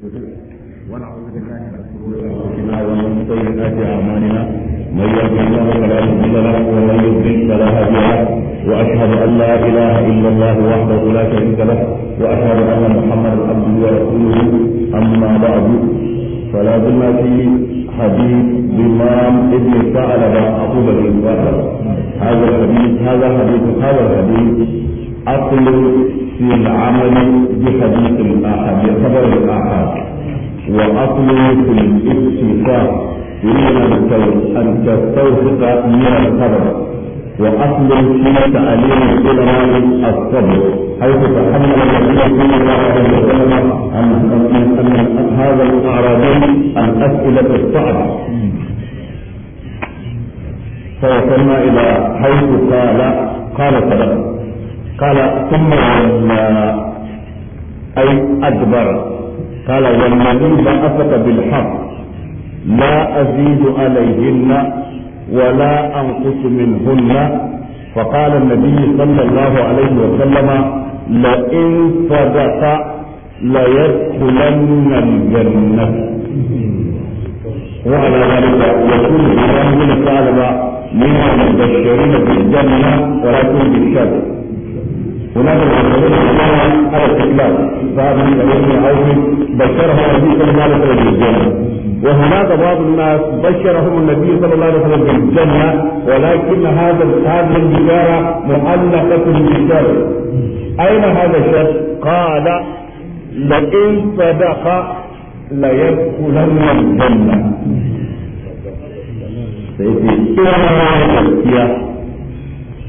ونعوذ بالله من شرور انفسنا ومن سيئات اعمالنا من يهده الله فلا مضل له ومن يضلل فلا هادي له واشهد ان لا اله الا الله وحده لا شريك له واشهد ان محمدا عبده ورسوله اما بعد فلا ظلم في حديث الامام ابن ثعلبه عقوب بن هذا الحديث هذا الحديث هذا الحديث اصل في العمل بحديث الآحاد بخبر الآحاد وأصل في الاتفاق يريد أن تستوثق من الخبر وأصل في تعليم العلماء الصبر حيث تحمل النبي صلى الله عليه وسلم أن أن هذا الأعرابي الأسئلة الصعبة فوصلنا إلى حيث قال قال سلام قال ثم ولى أي أدبر قال والذي بعثك بالحق لا أزيد عليهن ولا أنقص منهن فقال النبي صلى الله عليه وسلم لئن صدق ليدخلن الجنة وعلى ذلك يكون الإمام بن ثعلبة من المبشرين بالجنة ولكن بالشر وهناك بعض الناس بشرهم النبي صلى الله عليه وسلم بالجنه ولكن هذا هذه البشاره معلقه بالشر اين هذا الشر؟ قال لئن صدق ليدخلن الجنه.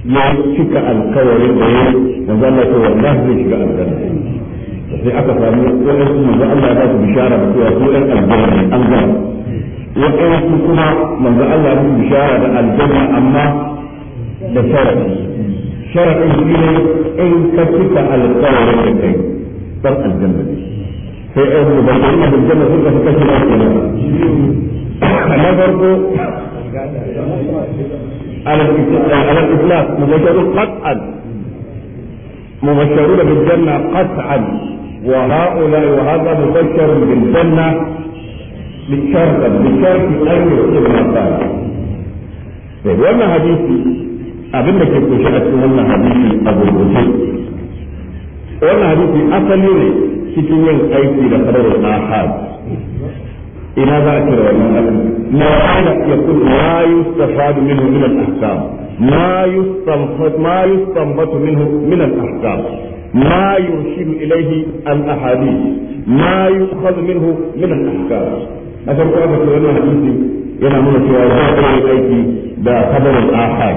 ya cika alkawarin da ya manzo Allah ta ce wallahi zai shiga aljanna sai aka samu wadansu manzo Allah ya su bishara da cewa su ɗan aljanna an gama wadansu kuma manzo Allah ya su bishara da aljanna amma da sharafi sharafin shi ne in ka cika alkawarin da kai dan aljanna ne sai ai ɗan mubarin aljanna sun ka fi kashi na kenan na farko على الإفلاس مبشرون قطعا مبشرون بالجنة قطعا وهؤلاء وهذا مبشر بالجنة بالشرط بالشرط أن يصير مقال طيب وأنا حديثي أبن لك الكشاك وأنا حديثي أبو الوزير وأنا حديثي أصلي في كل يوم أيتي لقرر الآحاد ina za a cire wannan abin la aina yakun la yustafadu minhu min al-ahkam ma yustanfat ma yustanbatu minhu min al-ahkam ما يرشد إليه الأحاديث ما يؤخذ منه من الأحكام أثر قوة لنا حديثي ينامون في أوزاق إليك دا خبر الآحاد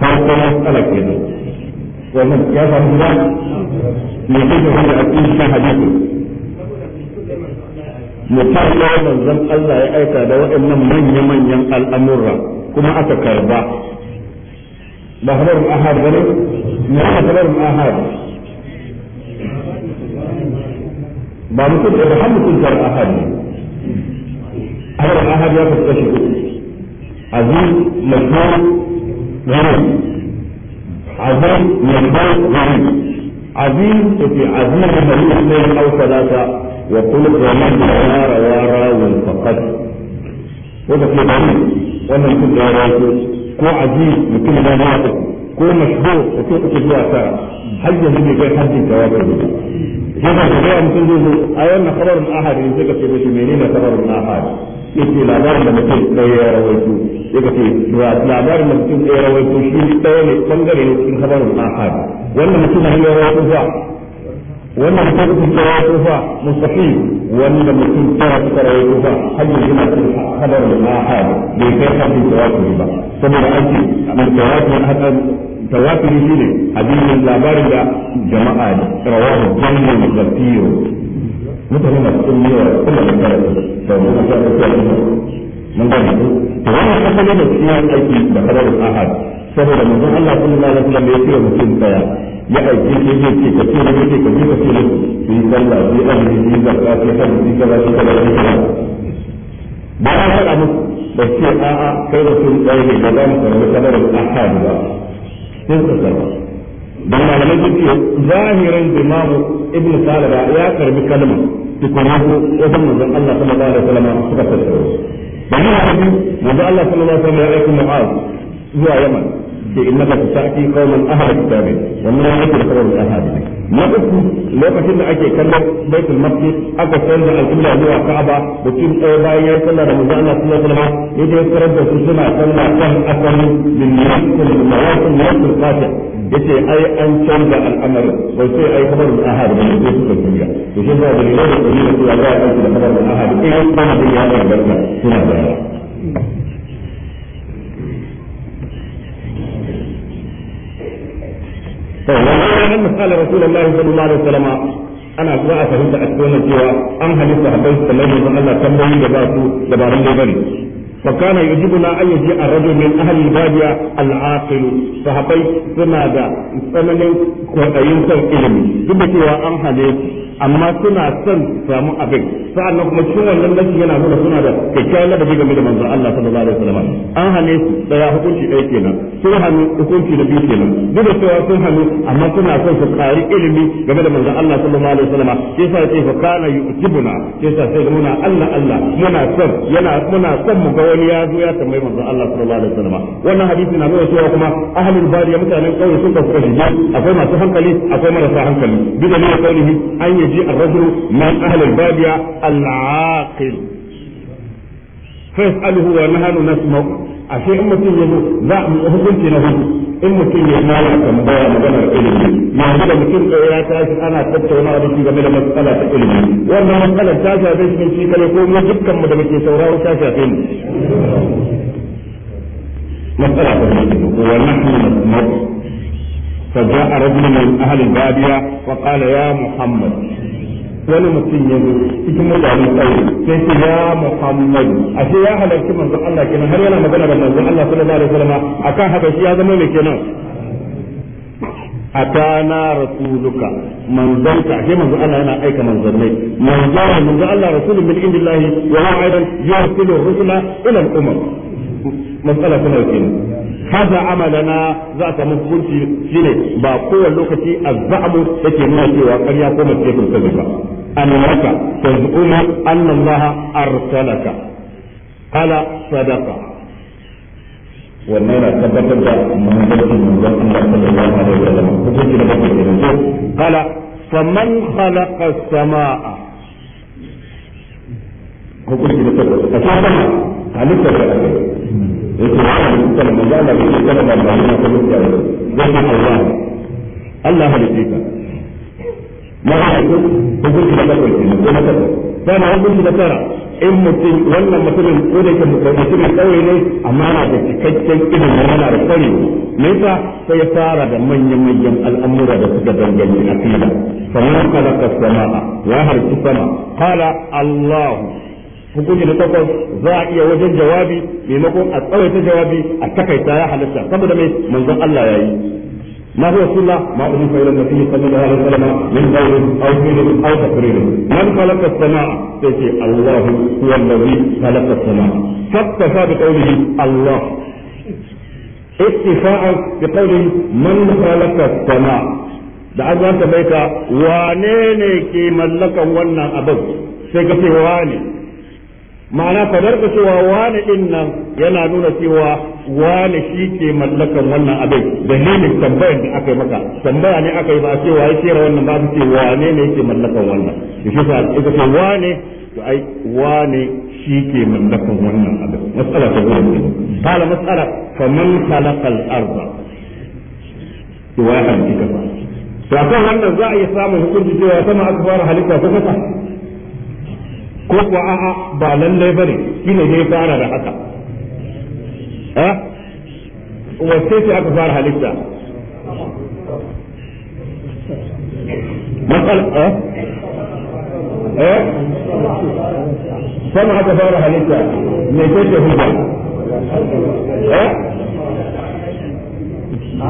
فوق مسألة كده ومن يفهم ذلك لكي تكون أكيد في حديثه mutum ya manzon Allah ya aika da waɗannan manya-manyan al'amurra kuma aka karba ba hadarun ahad ba ne? na hadarun ahad ba mutum da har mutum tar ahad ne hadarun ahad ya fuska shi uku aziz majnun gharin azam majnun gharin aziz yake aziz da mai yanayin au talata وقل ومن يرى وراو فقد وذا في ضمير وانا كنت يراو كو عزيز وكل ما نعطي كو مشهور وكو تجوع ساعة حجة من جاي حجة جواب هذا جواب مثل ذي أيام خبر احد ينزل في بيت خبر الآحد yake labarin da mutum ɗaya ya rawaito ya kace labarin da mutum ɗaya ya rawaito shi ɗaya ne bangare ne cikin habarin ahad wannan mutum ya rawaito zuwa wannan da mutum kira ya tufa mustaqim wanda mutum kira kira ya tufa hajji yana cikin hadar da ahad bai kai hajji tawakkuli ba saboda aiki amma tawakkuli hadar tawakkuli ne hadisin labarin da jama'a ne rawahu jami'u zafiyo mutane na cikin yawa kuma da kare da kuma da mun ga ne to wannan asalin da shi aiki da hadar ahad saboda manzon Allah sallallahu alaihi wasallam ya ce mutum tsaya ya aiki ke zai ce ka ce da kake ka je ka ce da su yi yi yi zakka su yi yi kaza su yi yi kaza ba a faɗa musu ba ce a'a kai da sun ɗaya ne ba za mu karɓi kadarin ahad ba sai suka karɓa dan malamai sun ce zahirin imamu ibnu salaba ya karbi kalma tukuna ko wajen manzon Allah sallallahu alaihi wasallam suka tattauna dan haka manzon Allah sallallahu alaihi wasallam ya aiki mu'az zuwa yaman ce inna ka sa'ati qauman ahla kitabin wannan yake da kawai ahadi na uku lokacin da ake kallon baitul maqdis aka san da al-qibla zuwa ka'aba da kin ɗaya bayan ya sallar ramadan Allah sallallahu alaihi wasallam yake karar da su suna sallah kan asali min yakul mawatin yakul qati' yace ai an canza al'amarin ba sai ai kamar ahadi ba ne suka tuya to shi da dalilai da dalilai da ya ga da kamar ahadi eh kuma da ya ga suna da wannan misalin rasulullahi sallallahu alaihi wasallam ana zuwa a fahimta a cikin cewa an halitta habbai sallallahu alaihi wasallam Allah tambayi da ba su dabarun da bari فكان يجبنا أن يجيء الرجل من أهل البادية العاقل فهبي سنا دا سنن kwaɗayin son ilimi duk da cewa an hane amma suna son samu abin sa'annan kuma cikin wannan nasi yana nuna suna da kyakkyawan ladabi game da manzon Allah sallallahu alaihi wasallam an hane su daya hukunci ɗaya kenan sun hannu hukunci da biyu kenan duk da cewa sun hannu amma su ƙari ilimi game da manzon Allah sallallahu alaihi wasallam sai sa ce fa kana yu'tibuna muna mu ga wani ya zo ya tambayi manzon Allah sallallahu alaihi wasallam wannan hadisi na nuna cewa kuma ahlul bariya mutanen kauye sun kafa kashi akwai masu hankali akwai marasa hankali bisa ne kaulihi an yaji ar-rajulu min ahlul bariya al-aqil fa wa nahnu nasma'u ashe in mutum yazo za mu hukunci na hukunci in mutum ya yi tambaya maganar ilimi yanzu da mutum ɗaya ya tashi ana tattauna da shi game da matsala ta ilimi wannan matsalar ta shafe shi shi kare ko mu dukkan mu da muke sauraro ta shafe mu matsala ta ilimi ko wannan ne fa ja'a rajulun min ahli al-badiya wa qala ya muhammad wani mutum ya zo cikin mutane tsaye sai ce ya muhammadu ce ya halarci manzon Allah kenan har yana magana da manzon Allah sallallahu alaihi wasallam akan haka shi ya zama mai kenan atana rasuluka ka ashe manzon Allah yana aika manzannai manzon manzon Allah rasulun min indillahi wa huwa aidan yursilu rusula ila al-umam mas'ala kenan haza amalana za a samu hukunci shine ba kowane lokaci azzamu yake nuna cewa ƙarya ko mace ko kaza ba annaka tazuma anna allaha arsalaka qala sadaqa wannan yana tabbatar da manzon Allah sallallahu alaihi wasallam hukunci da bakin da qala faman khalaqa as-samaa a ake yake wa da maza da da da Allah halitta ka na hukunci da ne ko na na hukunci da in mutum wannan mutumin ko da yake kauye ne amma na da cikakken ilimin yana da kwarewa nesa sai ya fara da manyan manyan al'amura da suka danganci aqida kamar kala kasama wa sama hukunci da takwas za a iya wajen jawabi maimakon a tsawaita jawabi a takaita ya halatta saboda mai manzon Allah ya yi ما هو السنة ما أضيف إلى النبي صلى الله عليه وسلم من قول أو فعل أو تقرير من خلق السماء تأتي الله هو الذي خلق السماء فاكتفى بقوله الله اكتفاء بقوله من خلق السماء da an zanta bai ka wane ne ke mallakan wannan abin sai ka ce wane ma'ana kamar da cewa wani din nan yana nuna cewa wani shi ke mallakan wannan abin dalilin tambayar da aka yi maka tambaya ne aka yi ba cewa ya tsira wannan ba ce wane ne yake mallakan wannan shi sa aka ce wane to ai wane shi ke mallakan wannan abin matsala ta gudu ne kala matsala faman khalaqal arda to wa ya ba to akan wannan za a iya samun hukunci cewa sama aka fara halitta ko kasa ko kuwa a'a ba lallai bane shine dai fara da haka eh wace ce aka fara halitta matsal eh eh sama aka fara halitta me ce hujja eh Eh?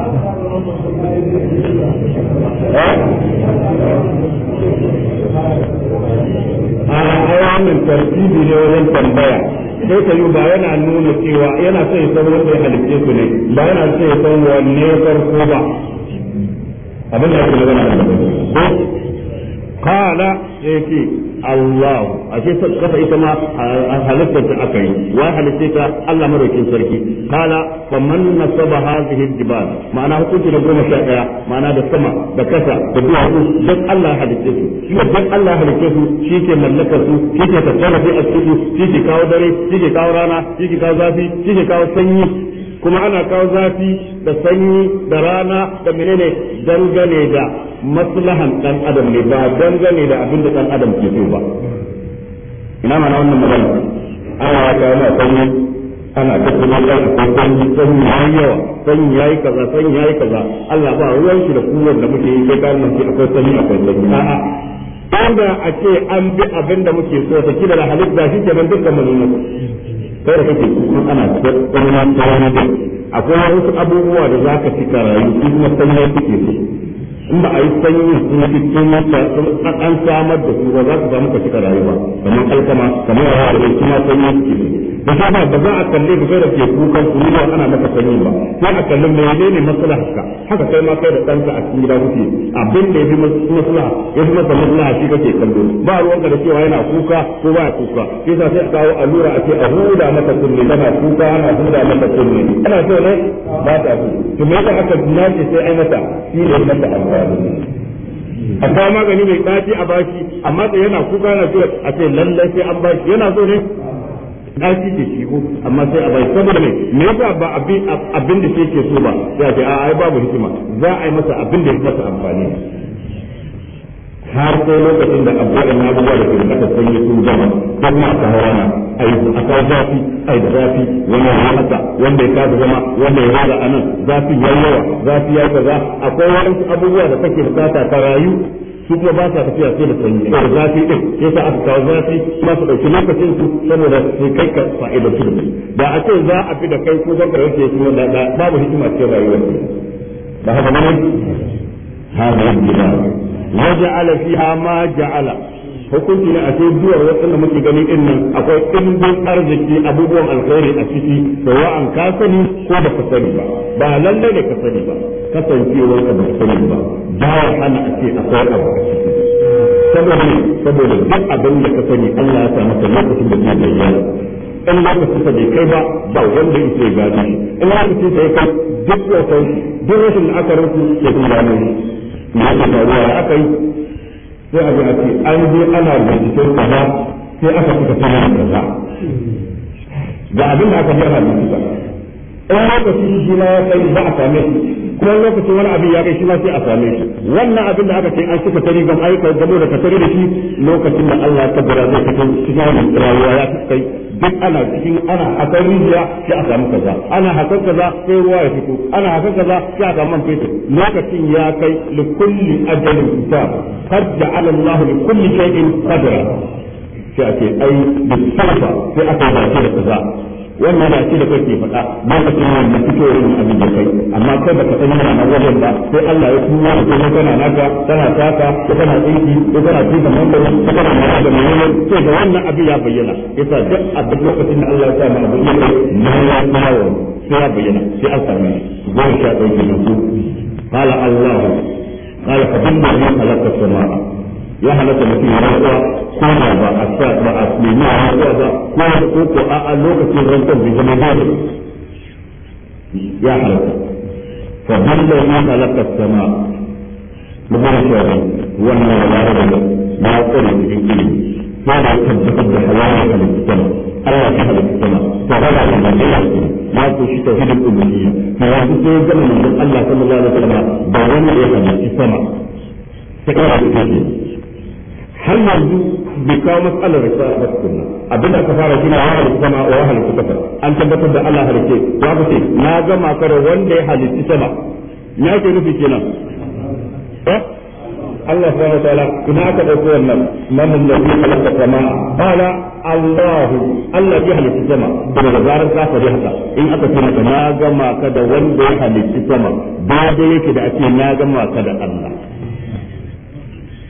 a awamin tartibi ne wajen tambaya sai ka yi ba yana nuna cewa yana sai san wanda ya halitta su ne ba yana sai san wanne farko ba abin da ake zama da ko kala ke Allah ashe kafa ita ma halittar ta aka yi wa halitta ta Allah madaukin sarki kala fa man nasaba hadhihi jibal ma'ana hukunci da goma sha daya ma'ana da sama da kasa da duwatsu duk Allah halitta su shi duk Allah halitta su shi ke mallaka su shi ke tattara a cikin shi ke kawo dare shi ke kawo rana shi ke kawo zafi shi ke kawo sanyi kuma ana kawo zafi da sanyi da rana da menene dangane da maslahan dan adam ne ba dangane da abin da dan adam ke so ba ina mana wannan magana ana wata yana sanyi ana ta kuma kai ko sanyi sanyi yayi yawa sanyi yayi kaza sanyi yayi kaza Allah ba ruwan shi da kuwar da muke yi kai ka nan akwai sanyi akwai sanyi a'a da a ce an bi abin da muke so ta kila da shi ke nan dukkan mu ne kai da kake ana ta kuma ta wani akwai wasu abubuwa da zaka fi karayu kuma sanyi kake so in ba a yi sanyi na cikin an samar da su ba za su samu ka cika rayuwa kamar alkama kamar rawa da kuma sanyi suke da ta ba za a kalli ka kai da ke kukan su ba ana maka sanyi ba sai a kalle mene ne maslahar haka kai ma kai da ɗanka a cikin gida kuke abin da ya fi maslaha ya fi masa maslaha shi kake kallo ba ruwanka da cewa yana kuka ko ba ya kuka sai sa sai a kawo allura a ce a huda maka kunne tana kuka ana huda maka kunne ana so ne ba ta so to me aka nace sai ai mata shi ne mata amfani a kawo magani mai ɗaci a bashi amma da yana kuka na zuwa a ce lallai sai an bashi yana so ne ɗaci da shi amma sai a bashi saboda ne me yasa ba abin da ke so ba sai a ce a ai babu hikima za a yi masa abin da ya masa amfani har sai lokacin da abuwa na zuwa da ke da aka sanya sun zama don ma ta hawana a yi a kawo zafi a yi zafi wani ya haka wanda ya kasa zama wanda ya rada anan zafi ya yawa zafi ya kaza akwai wani abubuwa da kake bukata ta rayu su kuma ba ta tafiya sai da sanyi da zafi din ya sa aka kawo zafi ba su ɗauki lokacin su saboda su kai ka fa'idar su da a ce za a fi da kai ko zan ka yake shi wanda babu hikima ce rayuwar ba haka ba ne هذه الجبال وجعل فيها ما جعل hukunci ne a cikin biyar waɗanda muke gani din nan akwai ɗimbin arziki abubuwan alkhairi a ciki da wa'an ka sani ko ba ka sani ba ba lallai da ka sani ba kasancewar ka ba ka sani ba ba ya hana a ce akwai abu saboda saboda duk abin da ka sani Allah ya sa maka lokacin da bayyana in lokacin ka bai me yake faruwa ya aka yi sai a ga ce an je ana binciken kaza sai aka fita sanar kaza ga abin da aka je ana binciken in lokaci shi ma ya kai ba a same shi kuma lokacin wani abin ya kai shi ma sai a same shi wannan abin da aka ce an suka tare gam aika gamo da ka tare da shi lokacin da Allah ya kaddara zai fito cikin wannan rayuwa ya kai duk ana cikin ana hakan rijiya sai a samu kaza ana hakan kaza sai ruwa ya fito ana hakan kaza sai a samu man fetur lokacin ya kai li kulli ajalin kitab qad ja'ala Allah li kulli shay'in qadra sai a ce ai bi sai aka yi da kaza wannan na shi da kake faɗa ba ka san wannan fitowar abin da kai amma kai baka san yana na wajen ba sai Allah ya kuma da kuma kana naka kana taka ko kana tsinki ko kana tuka mangoro ko kana mara da mangoro sai da wannan abin ya bayyana yasa duk abin lokacin da Allah ya sa mana abin da ne ya kawo sai ya bayyana sai an samu shi goma sha da kenan ko qala Allah qala fa bin ba ya halatta mutum ya rantsuwa ko da ba a sa ba a nemi a rantsuwa ba ko ko ko a a lokacin rantsuwa bai zama dole ya halatta fa dalla ma khalaqa sama ya ba wannan ya da ba ko ne cikin ilimi ko da tabbatar da halawa da sama Allah ya halatta sama to hada da Allah ma ko shi tauhidul uluhiyya ma ya ko zama manzon Allah sallallahu alaihi wasallam ba wannan ya halatta sama sai ka har yanzu bai kawo matsalar risala ba tukunna abin da aka fara shi ne wa halitta sama wa halitta kafa an tabbatar da Allah halitta ya ku na gama kare wanda ya halitta sama me yake nufi kenan eh? Allah subhanahu wa ta'ala ina aka dauko wannan man alladhi khalaqa sama qala Allah Allah halitta sama daga zarar ka fare haka in aka ce na gama ka da wanda ya halitta sama ba da yake da ake na gama ka da Allah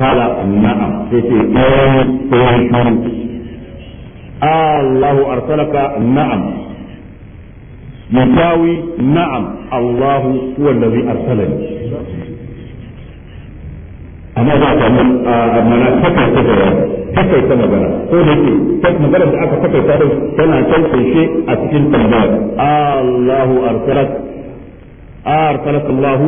قال نعم سيتي الله أرسلك نعم يساوي نعم الله هو الذي أرسلني amma za a samu a mana takaita da takaita magana ko da yake magana da aka takaita da tana can kunshe a cikin tambaya Allahu arsalat arsalat Allahu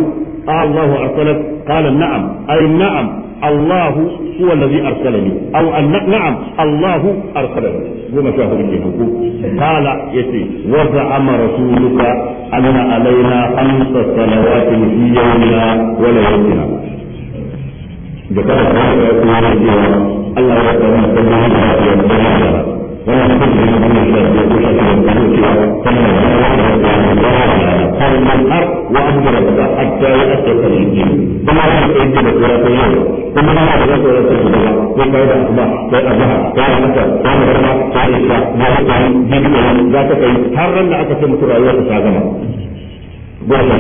Allahu arsalat qala na'am ay na'am الله هو الذي أرسلني أو أن نعم الله أرسلني وما شاهد من قال يتي وزعم رسولك أن علينا خمس صلوات في يومنا وليلتنا ذكرت الله يقول الله يقول wannan kuma da yana da shi da da shi da shi kuma da yana ya kama kalli da da kura kai yau kuma ya da za ka kai har da aka ce mutu rayuwa ta gama goma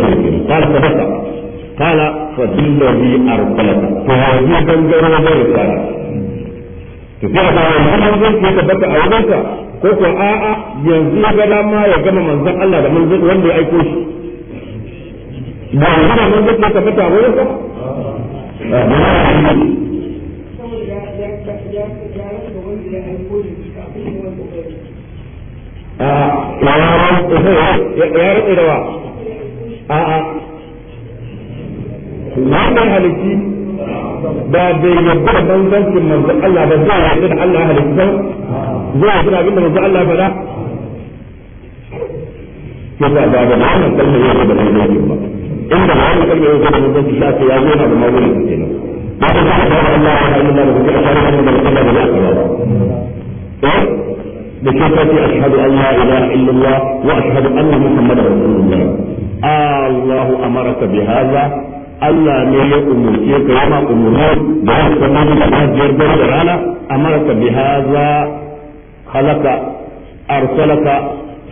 da ke to sai ya tabbata a wajen ka ko ko a'a yanzu ga dama ya gama manzon Allah da manzon wanda ya aiko shi ba manzon ya tabbata a wajen ka ya rike da wa a'a wannan halitti da bai yarda da banzancin manzo Allah ba zai yarda da Allah halitta zai yarda da abin da manzo Allah faɗa yasa ba da wannan kalmar yarda da banzancin ba inda ba wannan kalmar yarda da banzancin shi ake ya zo na da magunan kenan ba da ba a ba Allah ya yi mana da kuma shari'a da da ba za a ba da eh? ke a ashhadu an la ilaha illallah wa ashhadu anna yi rasulullah Allah amaraka bi hadha Allah ne ya umurce ka yana umurni da ya kuma da hajjiyar dare da rana amarka bi haza halaka arsalaka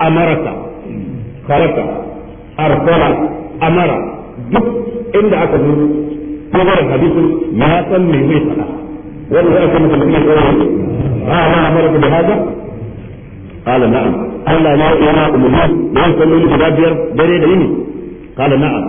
amaraka halaka arsala amara duk inda aka zo kogar hadisin ya san me zai fada wanda zai aka mutum ya tsoro ha ma amarka bi haza qala na'am Allah ne yana umurni da ya kuma da hajjiyar dare da yini qala na'am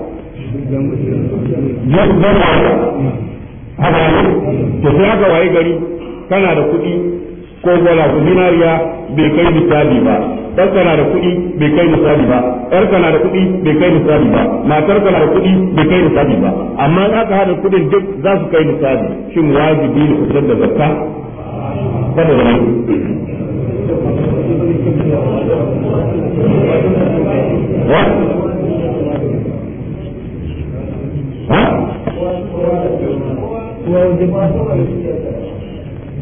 zan haka to sai haka waye gari kana da kuɗi ko gwala ko zinariya bai kai misali ba ɗan kana da kuɗi bai kai misali ba ɗan kana da kuɗi bai kai misali ba matar kana da kuɗi bai kai misali ba amma in aka hada kuɗin duk za su kai misali shin wajibi ne fitar da zakka kada da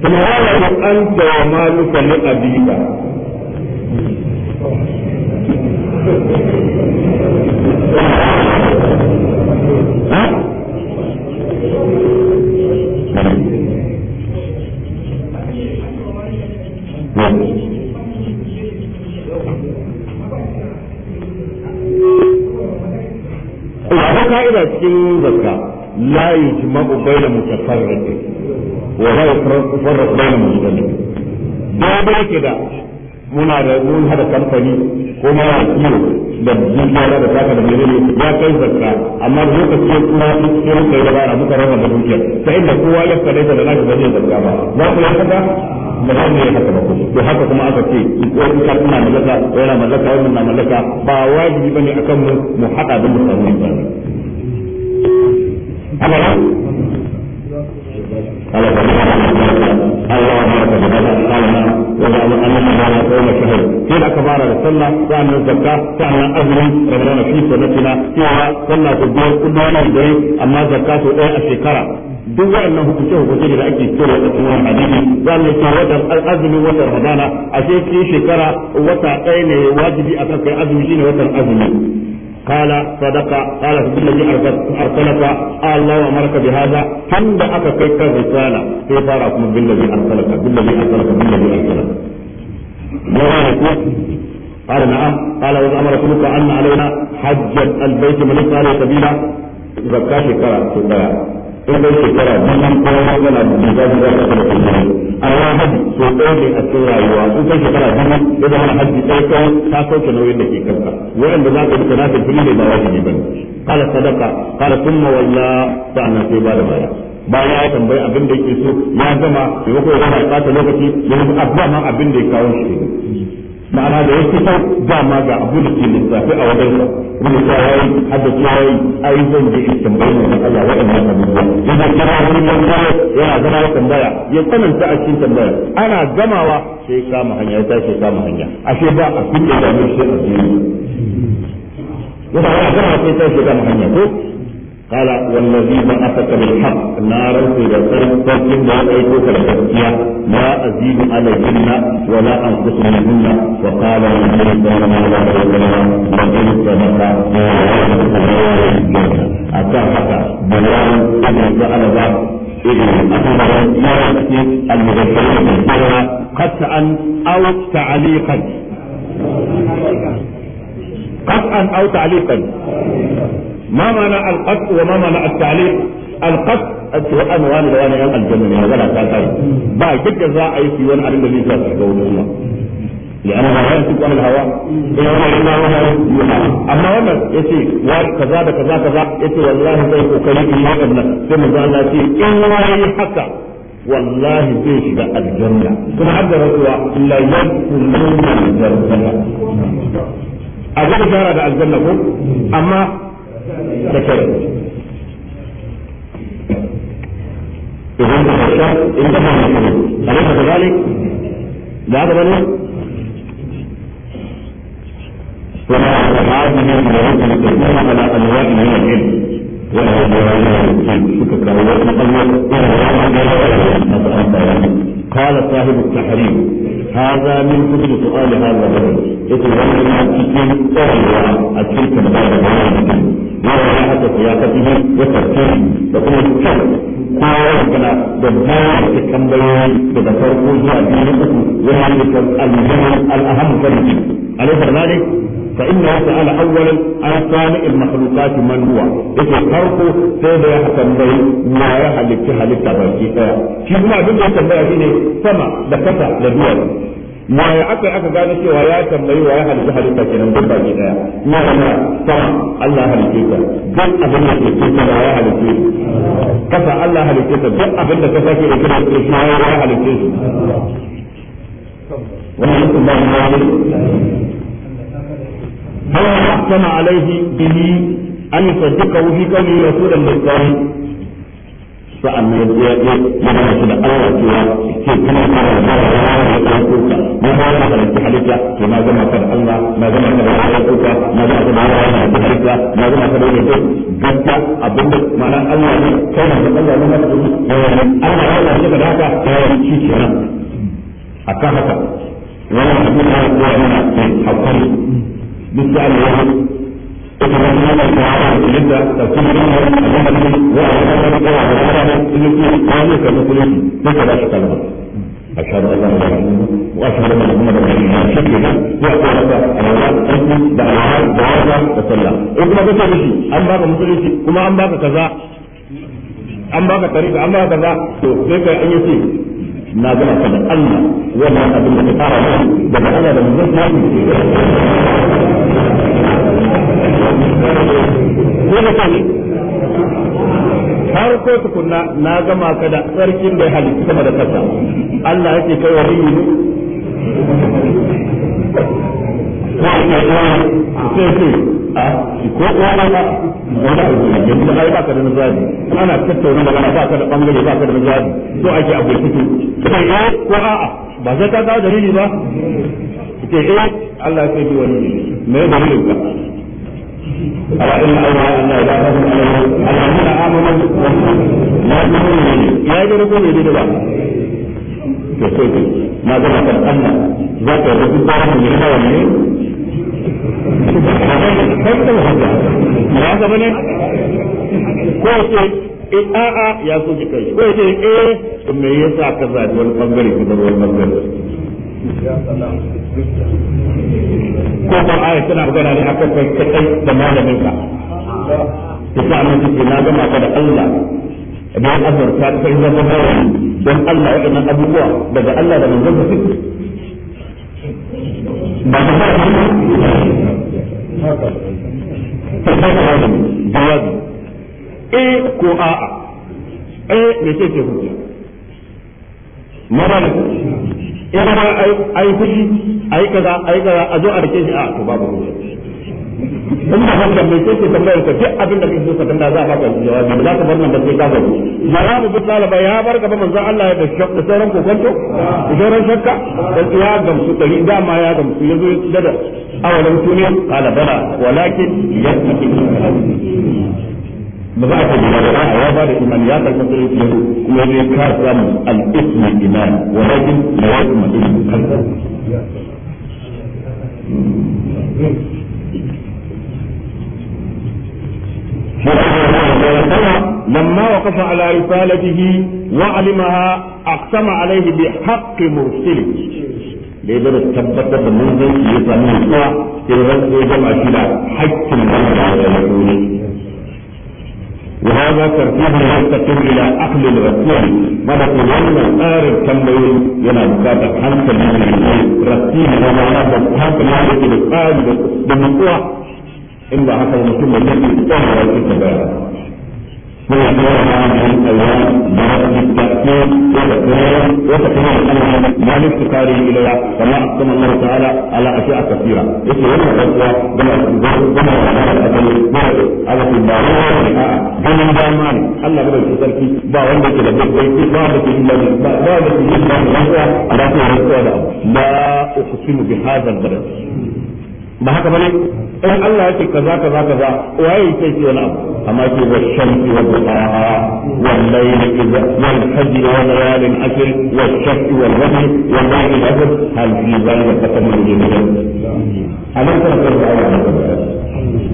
ثم قال أنت ومالك لأبيك wata ka'ida cikin zakka la yujma'u bayna yake da muna da mun hada kamfani ko ma kiyo da dukiya da da menene ya kai zakka amma lokaci kuma sai kai da ba muka raba da dukiya sai da kowa ya kada da naka bazai zakka ba za ku ya ba za mu yi haka ba to haka kuma aka ce wani ka tana mallaka yana mallaka wannan na mallaka ba wajibi bane akan mu mu hada da mu samu ba haka ba قال اللهم لك بدأنا قالنا وجعل أننا لنا قوم شهر كيف كبار للصلاة وأن الزكاة كان أهل رمضان في سنتنا كيف صلى في الدين كل يوم الدين أما زكاة إيه الشكرة duk wa'annan hukunce hukunce da ake kira da kuma hadisi za mu yi wata azumi wata ramadana a sai shekara wata ɗaya ne wajibi a kan kai azumi shine wata azumi qala sadaqa qala bi alladhi arsalaka Allahu amaraka bi hadha tunda aka kai ka risala sai fara kuma bi alladhi arsalaka bi alladhi arsalaka in dai shekara biyu ko matsala da za su za su da kuma amma haji so ɗaya ne a cikin rayuwa in kai shekara biyu ya zama na haji ɗaya kawai ta sauke nauyin da ke kanka waɗanda za ka duka na tafi ne ba wajibi ba ne kala sadaka kala sunna walla sa'annan sai ba da baya baya ya tambayi abin da yake so ya gama da ya kuma ya ɓata lokaci ya zama abin da ya kawo shi ma'ana da wasu sau ma ga abu da ke lissafi a wajen sa rubuta yayi haddace yayi ai zan je iskan bayan da Allah waɗannan abubuwa yana kira wani tambaya yana zama tambaya ya tsananta a cikin tambaya ana gamawa sai kama hanya ya tashi kama hanya ashe ba a kulle da mai shi a cikin yana gama sai tashi kama hanya ko قال والذي بعثك بالحق نارا إلى سرق فلكن لا أيكوك لتبكيا لا أزيد عليهن ولا أنقص منهن وقال النبي صلى الله عليه وسلم لئن صدق أتاحك بلال أن جعل ذا أخبر يرى المذكرين بالجرى قطعا أو تعليقا قطعا أو تعليقا ما معنى القصد وما معنى التعليق القصد أتوا أنا وأنا وأنا يوم الجنة يا ولا تعالى بعد كده ذا أي في وأنا أريد أن يزال قول الله لأنه لا يمسك عن الهواء أما وما يتي كذا كذا كذا يتي والله زي أكلك ما قبلك ثم قال يتي إن حكى والله زي شبع الجنة ثم عبد الرسول لا يدخلون الجنة أجل جارة الجنة أما تكلم إذن الشرط انتهى من الحدود أليس كذلك؟ بعد بنو وما هذه المواقف الكثيرة على أنواع من العلم وهو ما يمكن فكرة وقد يقول إن الله لا يعلم ما تأمر قال صاحب التحريم هذا من كتب سؤال هذا الرجل يقول وانا اتيت اهلا اتيت بهذا الرجل يرى راحه سياقته وترتيبه وكل الشر kowa kana da bayan da tambayoyi daga farko zuwa biyu uku yana da alhamdu alhamdu alhamdu alhamdu alhamdu فإنه تعالى أولا عن صانع المخلوقات من هو إذا فرقه سيدا يحكم به ما يحلك تحلك تبركي شيء ما أبين يحكم به سما دكتا لدول ما aka aka gane cewa ya tambayi wa ya halitta halitta kenan duk baki daya ma ma sama Allah halitta ka duk abin da ke cikin da ya halitta kasa Allah halitta ka duk abin da ka sake da kira da shi ya halitta wannan أو ما أحكم عليه به أن يصدقه في كونه رسولا لله sa'an nan ya ya magana shi da Allah cewa ce kuma kana da Allah ya ɗauko ka mun ba ka halitta halitta to na zama kan Allah na zama kan Allah ya ɗauko ka na zama kan Allah ya ɗauko halitta na zama kan Allah ya ɗauko gaskiya abinda ma'ana Allah ne kai na da Allah ne na ɗauko Allah ya ɗauko da haka ta yi shi kenan akan haka wannan abin da ya ɗauko yana hakuri بالفعل الواحد وتمثلنا الدعاء لدى تكون منها الأمم وعلى ذلك وعلى ذلك التي قالت كمثله ليس لا شك لها أشهد أن لا إله إلا الله وأشهد أن محمدا رسول الله شكرا يقول لك أنا لا أنت دعاء دعاء وصلى إذا بس بشي أم بابا مسلسي كما أم بابا كذا أم بابا طريقة أم بابا كذا تو ليك أن يسير na gama ka da Allah wannan abin da ka fara da ta yi na gama ka da sarkin da ya halitta sama da kasa Allah yake kai wa rimi ne sai sai ko uwa ba ba wani abu ne da ai ba ka da nazari ana tattauna magana ba ka da bangare ba ka da nazari to ake abu ya sai eh ko a'a ba sai ka da dalili ba ke eh Allah ya kai wani me dalilin ka ya ga rubo ne da ba to sai na ga kan Allah za ka rubuta mu ne ya zama ne ko ce in a'a ya so kai ko ce eh me yasa ka zabi wani bangare ka bar wani bangare ko ko ai tana magana ne akan kai kai da malamin ka yasa mun ce na gama ka da Allah idan azurta kai zama mawani don Allah waɗannan abubuwa daga Allah da manzon da suke ba ba jawabi eh ko a'a eh me ce ke hujja mara in ba ai ai fushi ai kaza ai kaza a zo a rike shi a to babu hujja in da haka mai sai ke tambayar ka duk abin da kake so ka tanda za a baka jawabi ba za ka bar nan ba sai ka gaji malamu bin talaba ya bar gaba manzon Allah ya da shakka da sauran kokonto da sauran shakka da ya gamsu dari dama ya gamsu yazo ya ci da awalan tuni qala bala walakin yasmaki ba za ka jira da ba ya ba da iman ya karɓi sarki ya kuma ya ka samu al-ismi iman walakin la yasmaki لما وقف على رسالته وعلمها أقسم عليه بحق مرسله da ya zama tabbatar da manzanci ya sami nutsuwa ya zama ya zama shi da haƙƙin Allah da ya dole وهذا ترتيب يستقر إلى أهل الرسول ماذا تقولون آر التنبيه ينا بكاتا حنك من الرسول رسول وما نبت حنك من الرسول بمقوة إلا عقل مكتوب الذي ظهر الكتاب من أجلها من الألوان مرض التأكيد وتكرار وتكرار أنهم ما لاستقاره إليها فما أقسم الله تعالى على أشياء كثيرة إيش هو الغزوة بما أتزوجه بما أتزوجه بما أتزوجه على في المعروفة لها جنن بالمال ألا بدا يتسلكي با عندك لبيت بيتي با عندك إلا با عندك إلا غزوة على في الغزوة لا أقسم بهذا الغزوة ba haka bane in Allah ya ce kaza kaza kaza waye ya ce wani abu amma ce wa shamsi wa duhaha wal layli idha wal fajr wa layalin ashr wa shafi wal wajh wa layli ashr hal fi zalika qatamun jamil alam tara kaza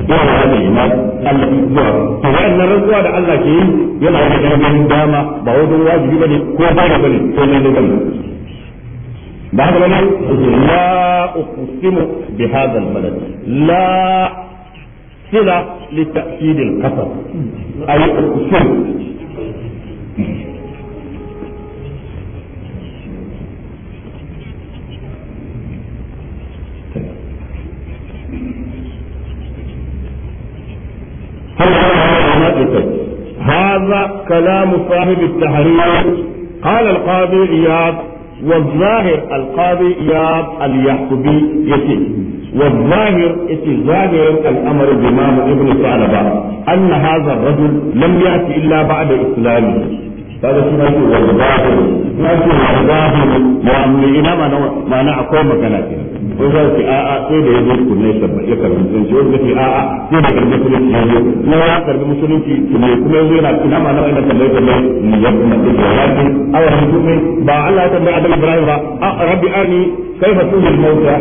yana da iman Allah zuwa to wannan rantsuwa da Allah ke yi yana da dama ba wajen wajibi bane ko ba bane ko ne bane بعد ما لا أقسم بهذا البلد لا صلة لتأكيد القسم أي أقسم هذا كلام صاحب التحرير قال القاضي إياد والظاهر القاضي إياب اليعقوبي يتي والظاهر يتي ظاهر الأمر الإمام ابن ثعلبة أن هذا الرجل لم يأتي إلا بعد إسلامه هذا شو نأتي والظاهر نأتي والظاهر يعني إمام أنا ما أنا أقوم كلامي ko za ki a'a sai da ku ne ya karbi musulunci wanda a'a sai da karbi musulunci ya zo kuma ya karbi musulunci ki ne kuma yana kina ma nan da mai ni ya kuma ba Allah ya tambaye Adam Ibrahim ba rabbi arni kaifa mauta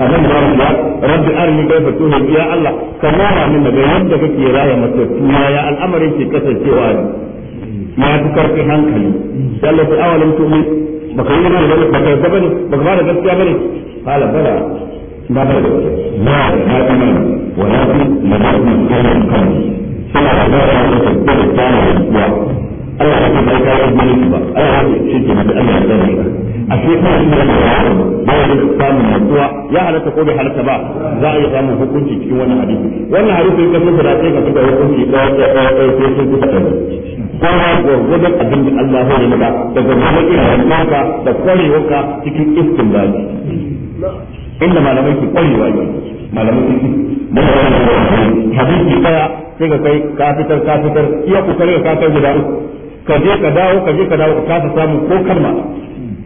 abin da zamu ga rabbi arni kai fatuhu ya Allah ka nuna min daga yadda kake raya matattu ya al'amarin ke kasancewa ya fi karfi hankali sai Allah ta awalam tu'min baka yi mana da baka yi bane baka ba da gaskiya bane hala bala ba ba da na na kuma wala fi lamarin kan kan suna da ta da tabbata da gaskiya Allah ya kai ka yi ba Allah ya ce ki da a ce ba shi da ba ya samun mutuwa ya halatta ko bai halatta ba za a yi samun hukunci cikin wannan hadisi wannan hadisi in ka sun fada sai ka fita hukunci ɗaya ɗaya ɗaya ɗaya sai sun kusa ɗaya ko ma gwargwadon abin da Allah ya yi maka da gwargwadon irin naka da kwarewarka cikin istinbadi inda malamai ke kwarewa yi malamai ke da hadisi ɗaya sai ka kai kafitar kafitar iya kokari ka kai guda uku ka je ka dawo ka je ka dawo ka kasa samu ko karma.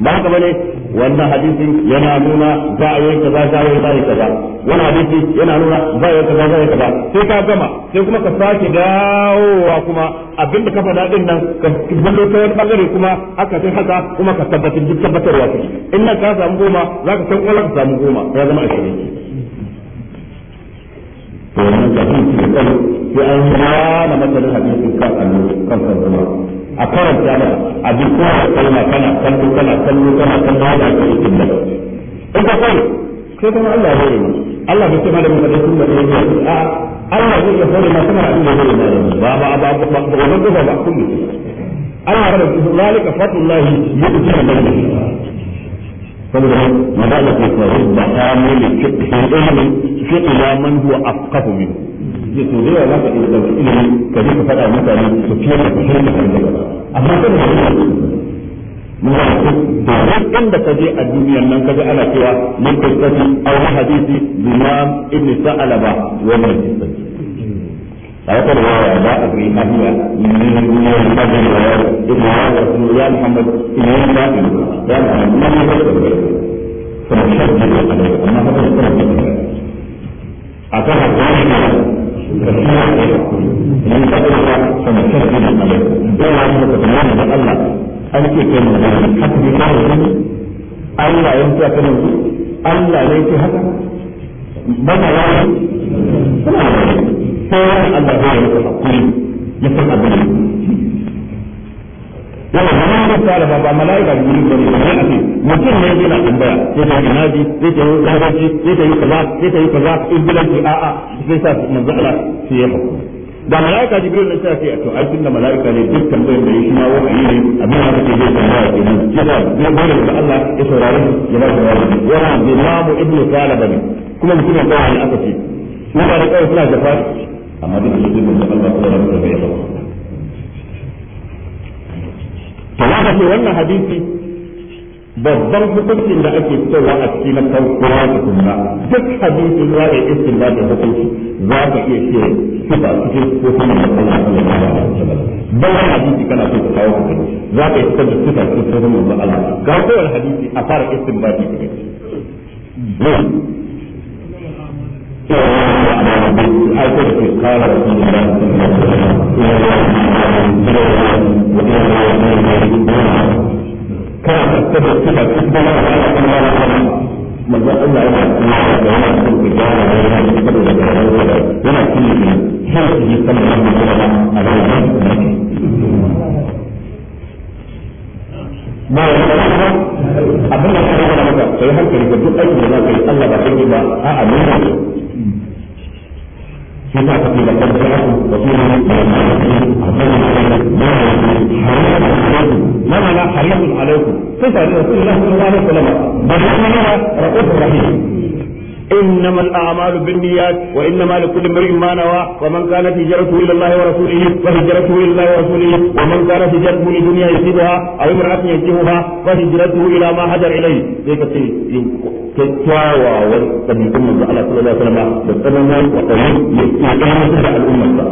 ba haka bane wannan hadisi yana nuna za a yanka za a yi ba wannan hadisi yana nuna za a yanka za a yi kaza sai ka gama sai kuma ka sake dawowa kuma abinda ka faɗa daɗin nan ka ballo ta wani bangare kuma haka sai haka kuma ka tabbatar duk tabbatarwa ce in nan ka samu goma za ka san kwallon ka samu goma ya zama shirin to wannan kafin da sai an na masalin hadisin kan annabi kan kan zama a karanta maka a duk kowa kalma kana kallo kana kallo kana kallo da ikin da in ka kai sai kuma Allah ya yi Allah bai ce ma da mun da kuma a Allah zai ya fara ma kuma da zai na ba ba ba ba ba ba ba kullu Allah ya rubuta zalika fatullahi yuti man saboda magana ke tsaro da kamilin fiqh ilmi man huwa afqahu minhu to da yawa za ka iya ɗauki ilimi ka ka faɗa mutane su fiye da da daga ba amma mun ka je a duniyar nan ka ana cewa mun tattaki hadisi ibn sa'alaba a da ba muhammad kuma akan hadisi من قبلها فمكذب عليه إلا أنك تمام بالله أنت كلمة حتى بالله الله ينسى كلمة الله ليس هذا بدا يعني سمع الله هو يقول يقول أبدا yana zama da tsara ba ba mala'ika da gurin da ba ne mutum ne yana tambaya sai ta yi naji sai ta yi zaharci sai ta yi kaza sai ta yi kaza in bilanci a a sai sa manzo Allah sai ya faɗo da mala'ika jibril ne sai ce to ai tunda mala'ika ne duk tambayar da yake ma wani ne abin da kake zai tambaya ke nan sai da ne da Allah ya saurare ya ba shi wani yana da imamu ibnu salaba ne kuma mutum ne kawai aka ce suna da kawai suna jafa amma duk da shi da Allah ya saurare ya ba to haka ce wannan hadisi babban hukuncin da ake fitowa a cikin na kawkura kuma duk hadisi za a yi iskin da hukunci za ka iya ce sifa cikin sufofin da kuma sallallahu alaihi wasallam wani hadisi kana so ka kawo hukunci za ka yi ga kowane hadisi a fara da قال لكل امرئ ما نوى ومن كانت هجرته الى الله ورسوله فهجرته الى الله ورسوله ومن كانت هجرته لدنيا يصيبها او فهجرته الى ما هجر اليه da tsananan kwatanni ya tsananan da al'ummarsa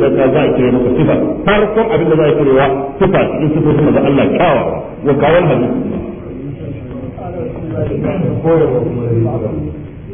da da za a kire maka sifa farkon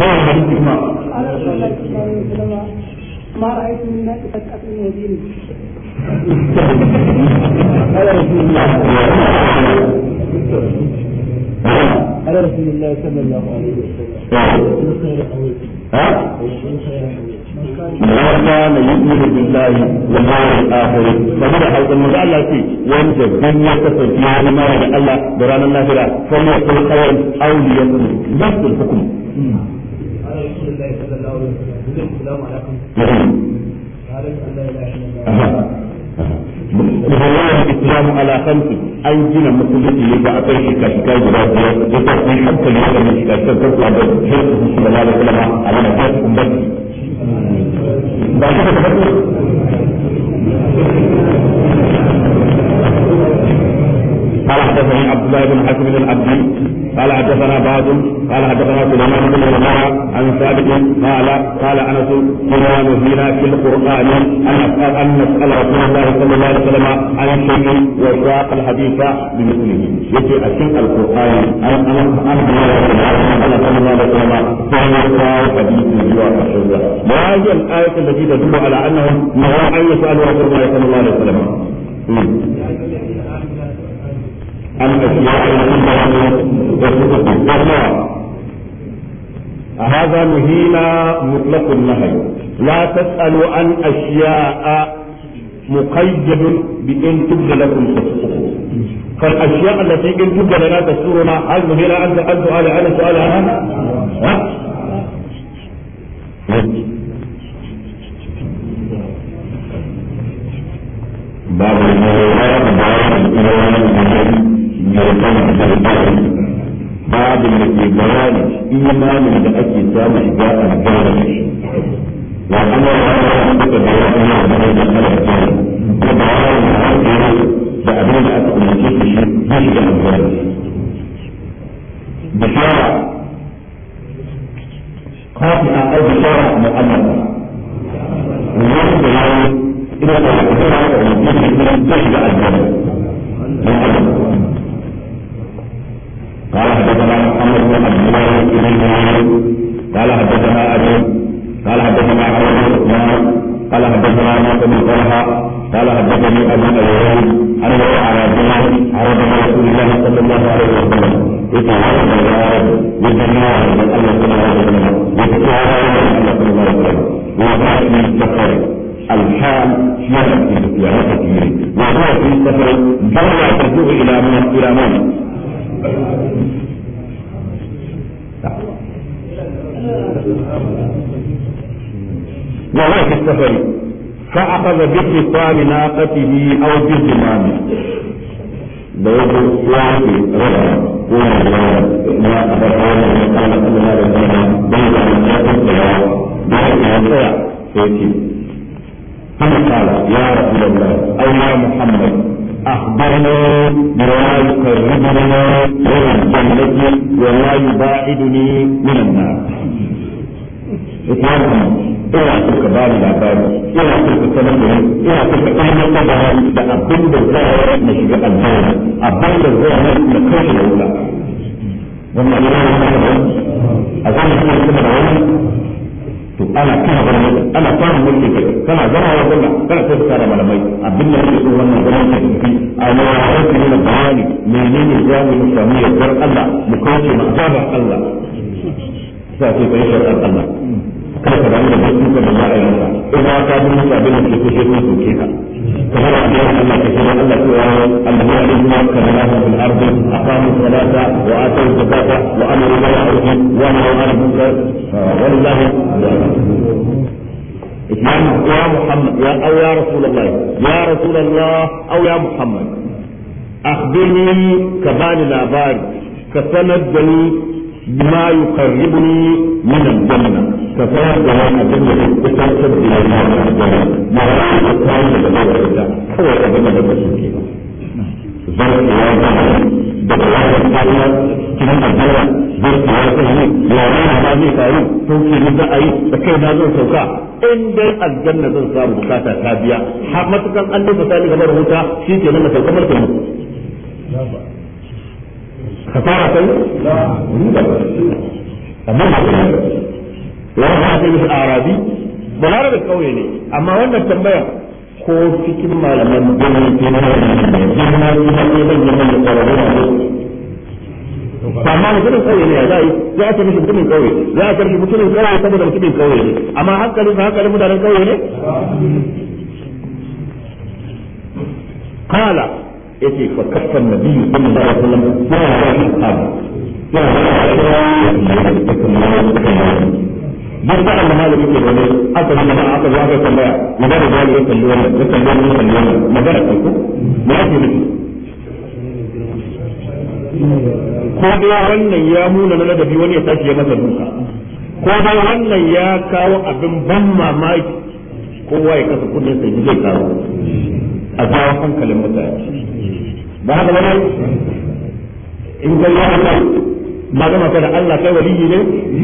ما هو الحديث إمام على رسول الله صلى الله عليه وسلم ما رأيت من الناس قد أكلوا ديني على رسول الله على رسول الله صلى الله عليه وسلم خير حويت ها؟ خير حويت من كان يؤمن بالله واليوم الاخر فمن حوض من الله في وانت الدنيا تسجي على ما الله بران الله فلا فليقل خيرا او ليقل نفس الحكم على رسول الله صلى الله an gina musulunci ne da ta kai hankali da mai shiga kan kanku da shirku shi a قال حدثني عبد الله بن حكم بن العبدي قال حدثنا بعض قال حدثنا سليمان بن عمر عن ثابت قال قال انس كنا نهينا في القران ان نسال ان نسال رسول الله صلى الله عليه وسلم عن شيء وساق الحديث بمثله يجي اشياء القران ان انا انا صلى الله عليه وسلم كان يقرا حديث ما هي الايه التي تدل على انه نهى ان يسال رسول الله صلى الله عليه وسلم عن أشياء هذا نهينا مطلق النهي لا تسألوا عن أشياء مقيد بأن تبدل لكم تسقطوا فالأشياء التي إن تبدى لنا تسرنا هل نهينا عن السؤال عن السؤال عنها؟ باب مرتبط بالبعض بعض اللي في إيمان اللي أكي سامح جاء الجوانب وأنا أعرف أن أنا أعرف أن أنا أعرف أنا أعرف بأبين أكون يشجع الجوانب بشارع خاطئة أو بشارع مؤمنة إذا أعرف أن تشجع الجوانب قال حدثنا محمد بن عبد الله بن قال حدثنا ابي قال حدثنا عمر بن قال حدثنا موسى بن طلحه قال حدثني ابو الايام انه على جمع عرض رسول الله صلى الله عليه وسلم ittifal naqatihi aw bizmani da yake yake ثم قال يا رسول الله أو يا محمد بما من الجنة وما يباعدني من النار. ina so ka bani labari ina so ka sanar da ni ina so ka ilmantar da ni da abin da zai na shiga aljanna abin da zai na kashe da wuta wannan yana da a zama kuma kuma da wani to ana kana bar mata ana fara mulki kai kana zama wa kana kana so tsara malamai abin da yake so wannan zaman ta ciki ana yake nuna bayani menene zamu yi samu yardar Allah mu kauce ma azabar Allah sai yi shari'ar Allah kada ka da bakin ka da za a yi maka idan ka bi maka abin da ke kushe ko soke ka kamar a biyar Allah ka kira Allah ko ya annabi alaihi wa sallam fil ardi aqamu salata wa atu zakata wa amaru bil ma'ruf wa nahaw 'anil munkar wallahi إسلام يا محمد يا أو يا رسول ya يا رسول الله أو يا محمد أخبرني كبال العباد كسند بما يقربني من الجنة tafiya da wani abin da ke tattar da yana da gaba na wani abin da ya da gaba da kawai abin da ba su ke ba zai ke ya ba da da ba ya ba ya kina da gaba zai ke ya ba ne ya ba ya ba ne ba ya ke ne za a yi da kai na zan sauka in dai aljanna zan samu bukata ta biya har matukan an dafa sani gaba da huta shi ke nan da sauka mulkin mu ka fara kai amma ba wani hafiz arabi da kauye ne amma wannan tambaya ko cikin malaman gwamnati na yanzu amma mutumin kauye ne za za a tafi mutumin kauye za a tafi mutumin kauye saboda mutumin kauye ne amma hankalin da hankalin mutanen kauye ne kala ce fa kaffan nabiyyu sallallahu alaihi wasallam ya ya ya duk da Allah malami ke gane aka yi magana aka zaka tambaya magana da ya kalli wannan ya kalli wannan kalli wannan magana kai ko me yake nufi ko da wannan ya muna na ladabi wani ya tashi ya masa duka ko da wannan ya kawo abin ban mamaki kowa ya kasa kudin sai zai kawo a jawo hankalin mutane ba haka ba in ga ya Allah ba gama ka da Allah kai waliyi ne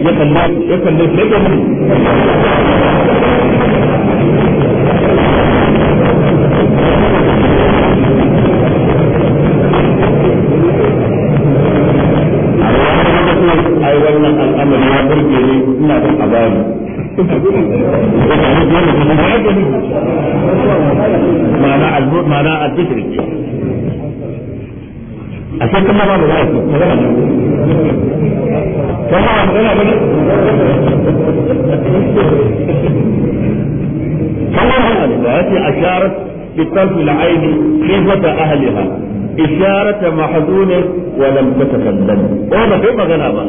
ya kalle ya kalle sai ka mutu ai wannan al'amari ya burge ni ina da abari ma'ana al-bishri a sai kuma ba da zai magana ne kuma ba magana ba ne kuma ba ya ce asharat bitarfi la'ayn khifata ahliha isharata mahzun wa lam tatakallam ko ba kai magana ba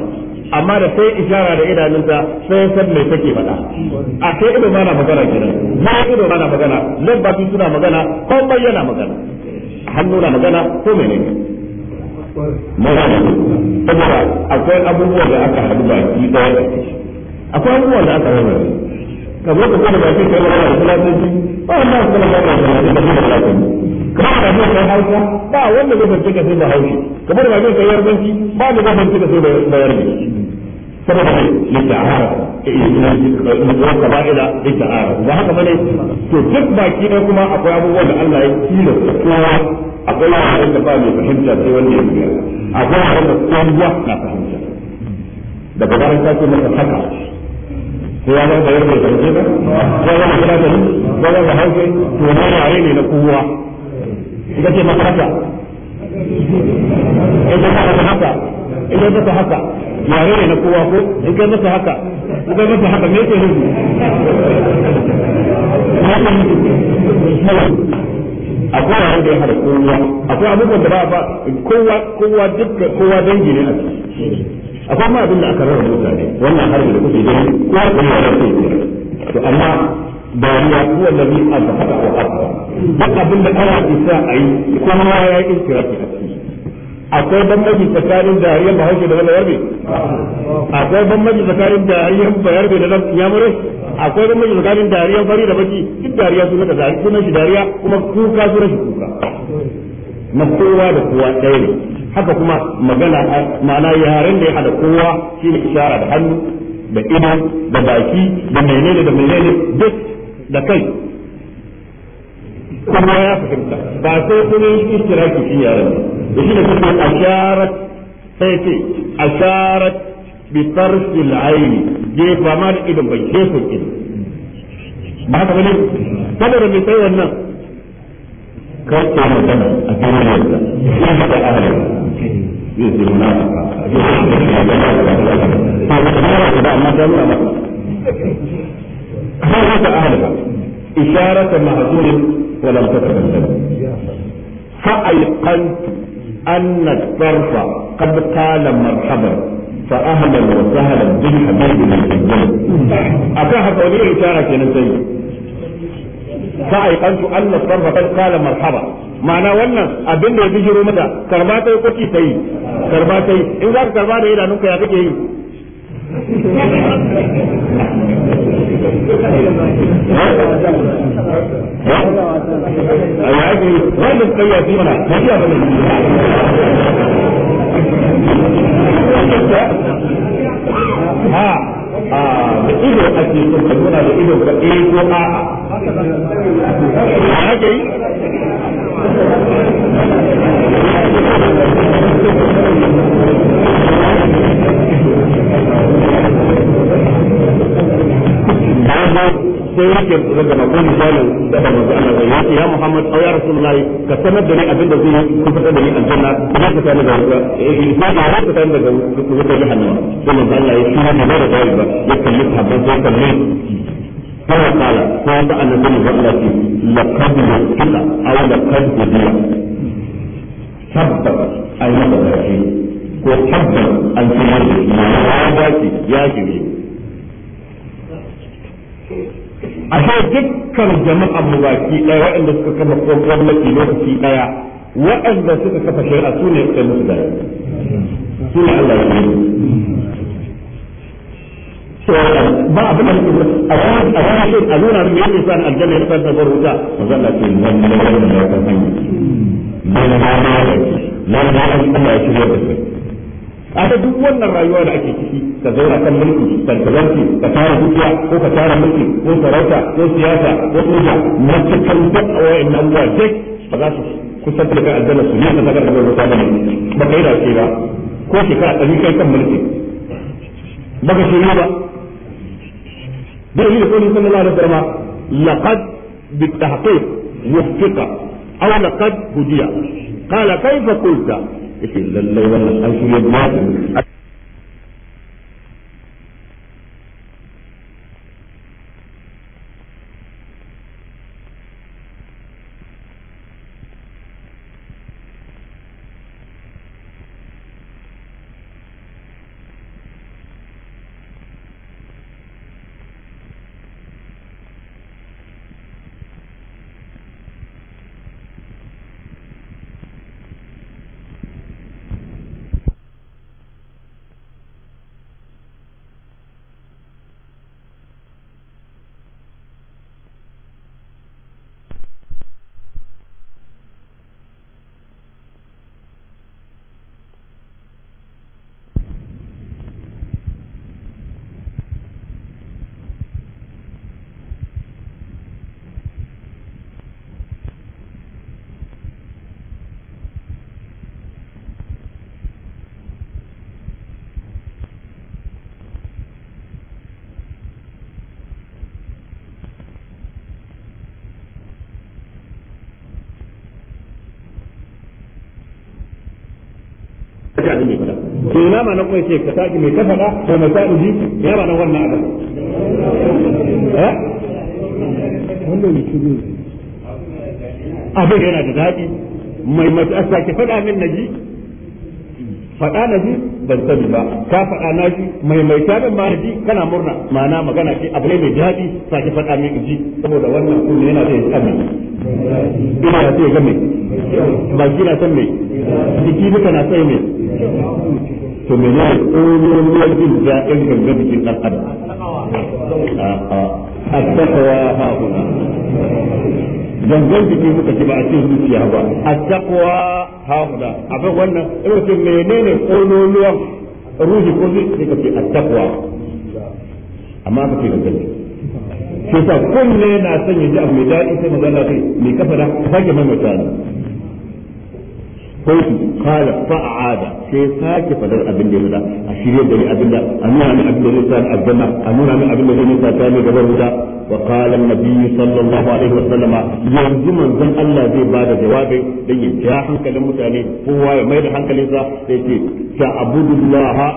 amma da sai ishara da idanunta sai san mai take faɗa a sai ido mana magana kenan ba ido mana magana labbaci suna magana ko bayyana magana hannu na magana ko menene saboda akwai abubuwa da aka haɗu baki ɗaya da shi akwai abubuwa da aka raba ka zo ka kada baki kai wani da lafiyanci ba wanda aka kada baki kai wani da lafiyanci kamar da zai kai hausa ba wanda zai fance ka sai da hausa kamar da zai kai yarbanci ba wanda zai fance ka sai da yarbanci saboda litta'ara kaba'ila litta'ara ba haka bane to duk baki ne kuma akwai abubuwan da Allah ya kila kowa akwai wani da ba mai fahimta sai wanda ya biya akwai wani da kowa na fahimta daga bayan ta masa haka ko ya zama bayar mai zarge ba ko ya zama kira da ko ya zama hauke to na yare ne na kowa ita ce masa haka ita ta masa haka ita masa haka yare ne na kowa ko ita masa haka ita masa haka me ke rubu akwai yaren da ya hada kowa akwai abubuwan da ba ba kowa kowa duka kowa dangi ne a ciki akwai ma abin da aka rarraba mutane wannan harbi da kuke gani kowa kuma ya rasu to amma ba dariya huwa alladhi azhaqa ko asra duk abin da Allah isa ayi kuma ya yi ikirafi a ciki akwai bambanci tsakanin dariyar bahaushe da wani yarbe akwai bambanci tsakanin dariyar bayarbe da yamure akwai bambanci tsakanin dariyar fari da baki duk dariya suna da dariya kuma shi dariya kuma kuka sunan shi kuka na kowa da kowa ɗaya ne haka kuma magana ma'ana yaren da ya hada kowa shi ne ishara da hannu da ido da baki da menene da menene duk da kai kuma ya fahimta ba sai kun yi istiraki shi yaran da shi da kuma asharat sai ce asharat bi tarfil aini gefa ma da idan bai gefa ido ba haka bane saboda mai sai wannan kawai magana a duniya da ya faɗa ahalin zai zai na ba ba ba ba ba إشارة مهزول ولم تتكلم فأيقنت أن الطرف قد قال مرحبا فأهلا وسهلا بالحبيب للحجاج أكاها قولي إشارة كنتين فأيقنت أن الطرف قد قال مرحبا ma'ana wannan abin da ya bijiro mata karba ta yi kwaci ta yi karba ta yi in za ka karba da idanunka ya kake yi ayyaji wanda suka yi yafi mana sai yake daga mako misalin da manzo Allah zai yake ya Muhammad au ya Rasulullahi ka sanar da ni abin da zai ku da ni aljanna ka da ka da ku da sai manzo Allah ya shi ne da dai ba ya kalli habban sai kalli kawai kala ko da annabi manzo Allah laqad aw laqad ayyuka ko habban alfumar da ya ba shi ya shirye a sai dukkan jama'an mu baki ɗaya waɗanda suka kafa gwamnati lokaci ɗaya waɗanda suka kafa shari'a su ne suka musu daya su ne Allah ya yi ba abin da suke a wani shi a nuna mu yake sa aljanna ya san sabar wuta manzo Allah ce wannan wannan ya san hanya na na na na na Allah ya shirya da su a duk wannan rayuwa da ake ciki ka zauna kan mulki ka tazarci ka tara dukiya ko ka tara mulki ko sarauta ko siyasa ko soja matukan duk a wayan nan ba dai ba za su kusan da kai aljanna su ne ka zagar da wata da ba kai da ke ba ko ka ɗari kai kan mulki ba ka shirya ba dai da kodin sallallahu alaihi haƙe laqad bitahqiq wuffiqa aw laqad hudiya qala kayfa qulta yake lallai wannan an shirya ba da to ina ma na kuma ce ka mai kafa da ko mai sa'u ji na wannan abin eh wannan ne abin yana da daɗi mai mai asa faɗa min naji faɗa naji ban sani ba ka faɗa naji mai mai tabin ma naji kana murna ma'ana magana ce abu ne mai daɗi saki faɗa min ji jiki to mene ne ne ƙololuwar jin daɗin gangan jikin dan adam a a takwa ha dan haƙuna da ke muka ci ba a cikin zuciya ba a takwa takawa haƙuna abin wannan ko ce mene ne ko ne ne ne ruhi ko ne ka ce a takwa amma ka ce gangan jiki shi sa kullum yana son ya ji abu mai daɗi sai magana kai mai kafa da sake mai mutane kwaifi kala ada sai sake fadar abin da a shirye da ni abin a nuna min abin da ya nuna aljanna a nuna min abin da ya nuna ta ne gaban wuta wa kala nabiyyu sallallahu alaihi sallama yanzu manzon Allah zai ba da jawabin dan ya ja hankalin mutane kowa ya mai da hankalin sa sai ce ta abudullaha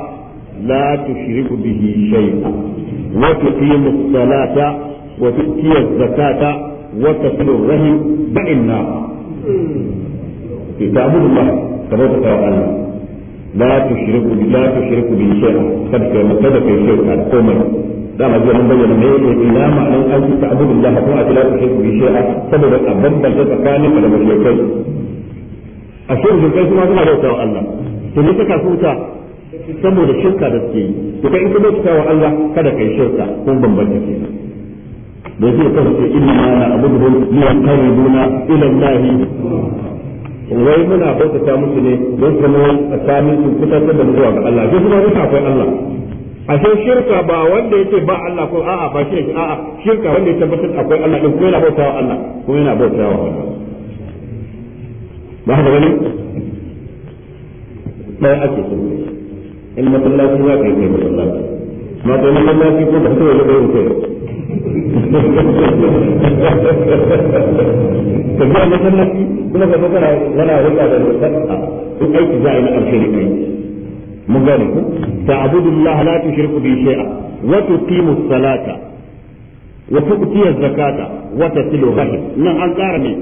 la tushriku bihi shay'a wa tuqimu salata wa tuqiyu zakata wa tasilu rahim ba'inna تعبد الله كما تقرأ الله لا تشرك لا تشرك به شيئا قد كمتدك شيئا قوما dama zuwa an bayyana me yake ina an ci abudu Allah ko a tilafi shi ku shi'a saboda a da mushrikai a shi kai kuma suna da Allah to ne kaka huta saboda shirka da suke yi to kai in ka bauta wa Allah kada kai shirka ko bambanta ke da zai na inna ma na abudu li yaqribuna ila Allah wai muna bautata musu ne don kuma tsakanin su kusantar da zuwa ga Allah duk kuma rufa akwai Allah ashe shirka ba wanda yake ba Allah ko a'a ba shi yake a'a shirka wanda ya tabbatar akwai Allah din ko yana bautawa Allah ko yana bautawa Allah ba haka bane dai ake so ilmatul lafi za ka yi ilmatul lafi ما تو نہیں بندہ کی کوئی ڈھکے ہوئے کوئی اٹھے to biya masallaci kuma ka kana kana rika da zakka to aiki za a ƙarshe da kai mun gane ku ta'budu Allah la tushriku bi shay'a wa tuqimu salata wa tu'ti zakata wa tasilu rahim nan an ƙara ne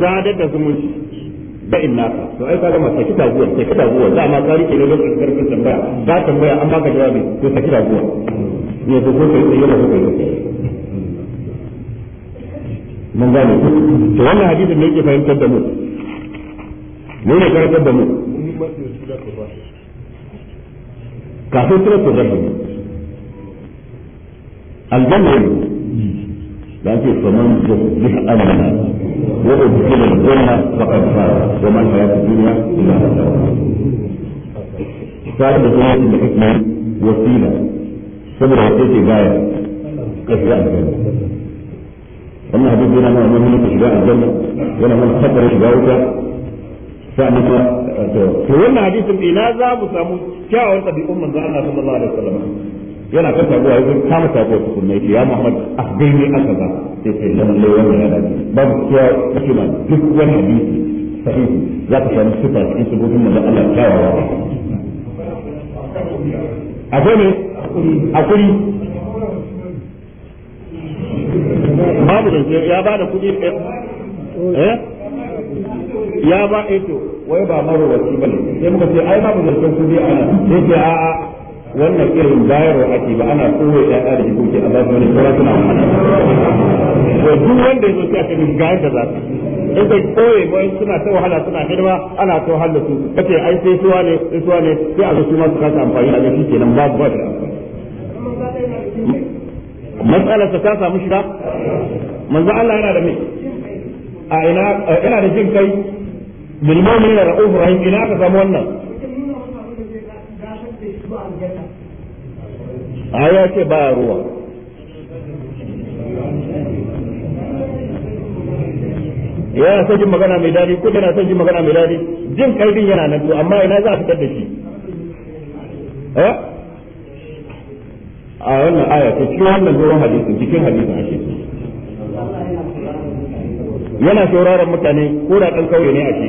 sadar da zumunci ba'in naka to ai kaga ma saki taguwa saki taguwa za ma tsari ke ne lokacin karfin tambaya ba tambaya an baka jawabi to saki taguwa ne ko ko sai yana ko kai mun gane to wannan hadisin ne yake fahimtar da mu ne ne karantar da mu kafin suratul rahim aljanna da ake saman zuwa amana وأدخل الجنة فقد فاز وما الحياة الدنيا إلا متاع صاحب الدنيا الحكمة وسيلة صبر وسيلة غاية إحياء الجنة wannan hadisi yana nuna muhimmancin shiga aljanna yana nuna hatsarin shiga wuta sa'an kuma to wannan hadisin ina za mu samu kyawun tabi'un manzo Allah sallallahu alaihi wasallam yana kan tabuwa ya zai kama tabuwa su sunna ya Muhammad gani a kaza sai sai lamun lai wannan ya dace babu cewa kake ma duk wani hadisi sahihi za ka samu sifa cikin sifofin mazan Allah kyawawa akwai ne akwai babu da ya ba da kuɗi eh, eh? ya ba eto eh wai ba marowaci bane sai muka ce ai babu zargin kuɗi ana sai ce a'a wannan irin bayarwa ake ba ana kowa ya'ya da jikoki a basu wani sauran suna wani to duk wanda yazo sai a cikin gayar da za su in kai koye mai suna ta wahala suna hidima ana ta wahala su kace ai sai suwa ne sai suwa ne sai a zo su ma su kasa amfani da shi kenan babu ba da amfani matsalar ta samu shiga manzo Allah yana da me a ina yana da jin kai bil mu'minina ra'ufur rahim ina ka samu wannan aya ce ba ruwa ya san jin magana mai daɗi ko yana san jin magana mai daɗi jin kaifin yana nan to amma ina za a fitar da shi a wannan aya ce cikin wannan doron hadisin cikin hadisin ashe yana sauraron mutane ko da ɗan kauye ne ashe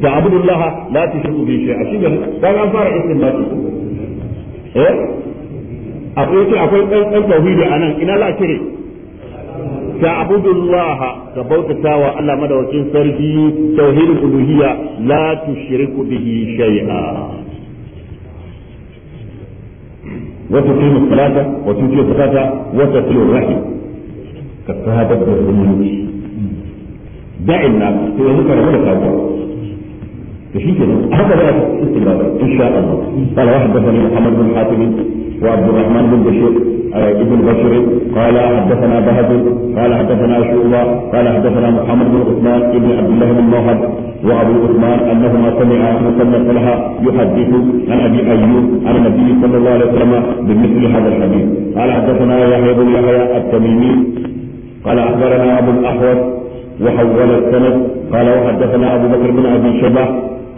da abdullaha la ta shirku bi shi a shi ne da fara isin ba eh akwai ce akwai dan dan tauhidi anan ina la kire da abdullaha da bautatawa Allah madawacin sarki tauhidul uluhiyya la ta shirku bi shay'a wata ce mu salata wata ce salata wata ce rahi ka ta da da da inna to yanzu ka rubuta فشي كده هذا بقى استمرار ان شاء الله قال وحدثني محمد بن حاتم وعبد الرحمن بن بشير آه، ابن بشير قال حدثنا بهز قال حدثنا شعبة قال حدثنا محمد بن عثمان بن عبد الله بن موهب وابو عثمان انهما سمع مسلم طلحه يحدث عن ابي ايوب عن النبي صلى الله عليه وسلم بمثل هذا الحديث قال حدثنا يحيى بن يحيى التميمي قال اخبرنا ابو الاحوص وحول السند قال وحدثنا ابو بكر بن ابي شبه